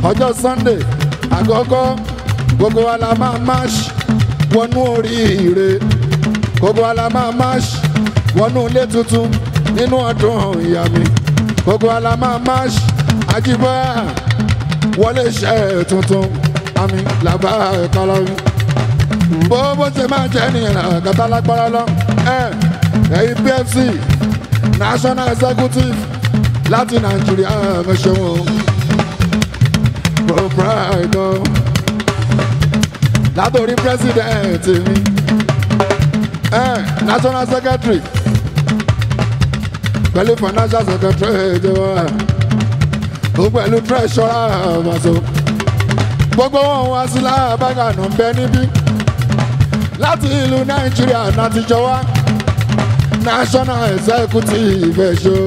ọjọ́ sunday àkọ́kọ́ gbogbo wa la máa máṣ wọnú oríire gbogbo wa la máa máṣ wọnú ilé tuntun nínú ọdún ìyá mi gbogbo wa la máa máṣ àjíbọ́yà wọlé iṣẹ́ tuntun àmì làbá ẹ̀ka lọ́wọ́ bó ṣe máa jẹ́ nìyẹn kàtà lágbára lọ ẹ̀ ẹ̀yin PFC national executive láti nàìjíríà ẹ̀ṣẹ̀ wọn. for pride o oh. látòrí president mi eh? eh, national secretary pẹ̀lú financial secretary ìjọba eh, ó pẹ̀lú treasurer àmàṣọ gbogbo wọn wá sí láàbàgànà Lati bẹ níbí na ìlú nàìjíríà national executive ẹ̀ṣọ́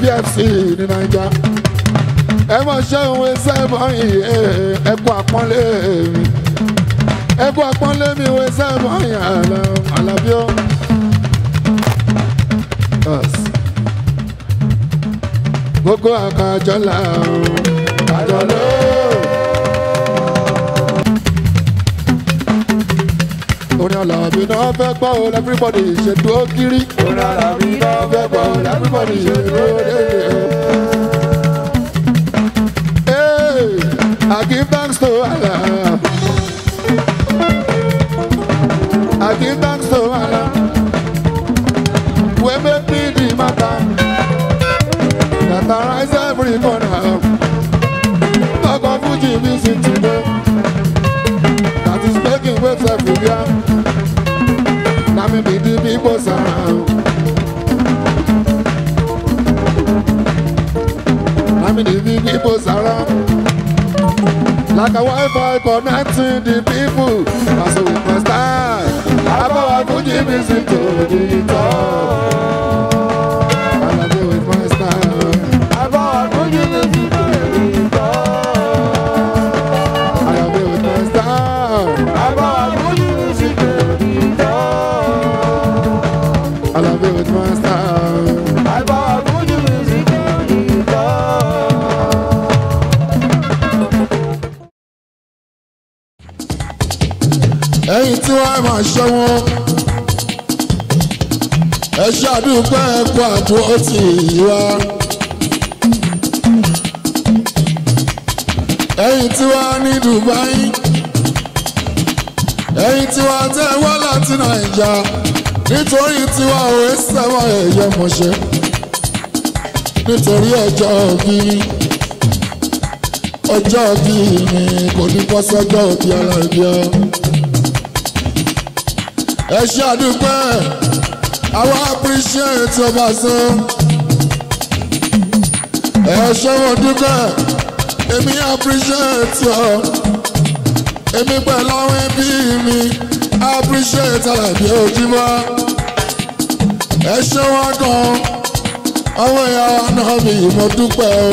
pfc ní nàìjíríà. ẹ mọ̀ ṣe òun ẹsẹ̀ mọ́ iye ẹ kú àpọ́nlé mi ẹ kú àpọ́nlé mi òun ẹsẹ̀ mọ́ iye Àlàbí o. gbogbo àkàjọ là ń àjọ lóò. orin Àlàbí náà fẹ́ gbọ́ o everybody ṣètò kiri. orin Àlàbí náà fẹ́ gbọ́ o everybody ṣètò dédé I give thanks to Allah. I give thanks to Allah. When we plead the matter that arise every corner. Talk of Fuji music today that is making waves everywhere. Now me be the people around. Now me the people around. Like a wild boy to the people. That's so we must stand. About our Fuji music to the top. ẹ̀yin tí wọ́n máa ṣe wọn. ẹ ṣàdúpẹ́ ẹ̀kọ́ àbúrò tì í wá. ẹ̀yin tí wọ́n ní Dubai. ẹ̀yin tí wọ́n tẹ́ wá láti Nàìjà nítorí tí wọ́n ò sẹ́wọ̀n ẹ̀yẹ mọ̀ṣẹ́ nítorí ọjọ́ òbí ọjọ́ òbí mi kò ní bọ́ sọ́jọ́ òbí aláìbíọ́ ẹ ṣe àdúpẹ́ àwọn appreciate ọba san ẹ ṣe wọn dúpẹ́ èmi appreciate ọ èmi pẹ̀lú àwọn ẹbí mi appreciate àlàbí ojúmọ́ ẹ ṣe wọn gan àwọn ẹ̀yà náà mi mo dúpẹ́ o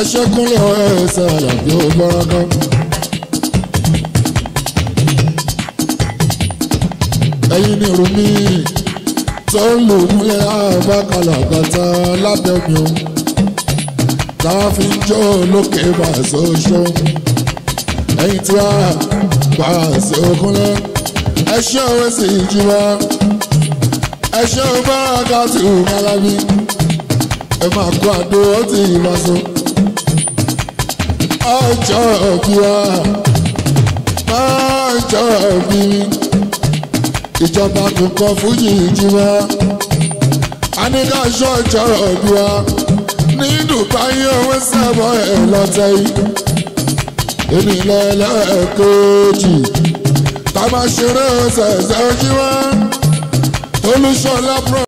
ẹ ṣe kúnlẹ̀ ẹ̀ ṣe àlàbí ojúmọ́ gan. ẹ̀yin ni rumi tó ń lò múlẹ̀ àbákalà kàtà látẹ̀mí o táwa fi ń jó lókè bàṣẹ oṣó ẹ̀yin tí wà bàṣẹ òkúnlẹ̀ ẹ ṣé òwe sì jù wá ẹ ṣé òwe bá ẹ máa kó àdó ó ti yìnbá so ọjọ́ òbí wa máa jọ òbí mi ìjọba kìkan fújì ìjìmá aníkàṣọ ìjọrọ òdùwà ní Dubai owó sábọ ẹ lọtẹ yìí èmi lọ ẹlẹ́ẹ̀kejì tá a ṣeré ọ̀sẹ̀ ẹ̀sẹ̀ ojúmọ́ olùṣọ́lá pro.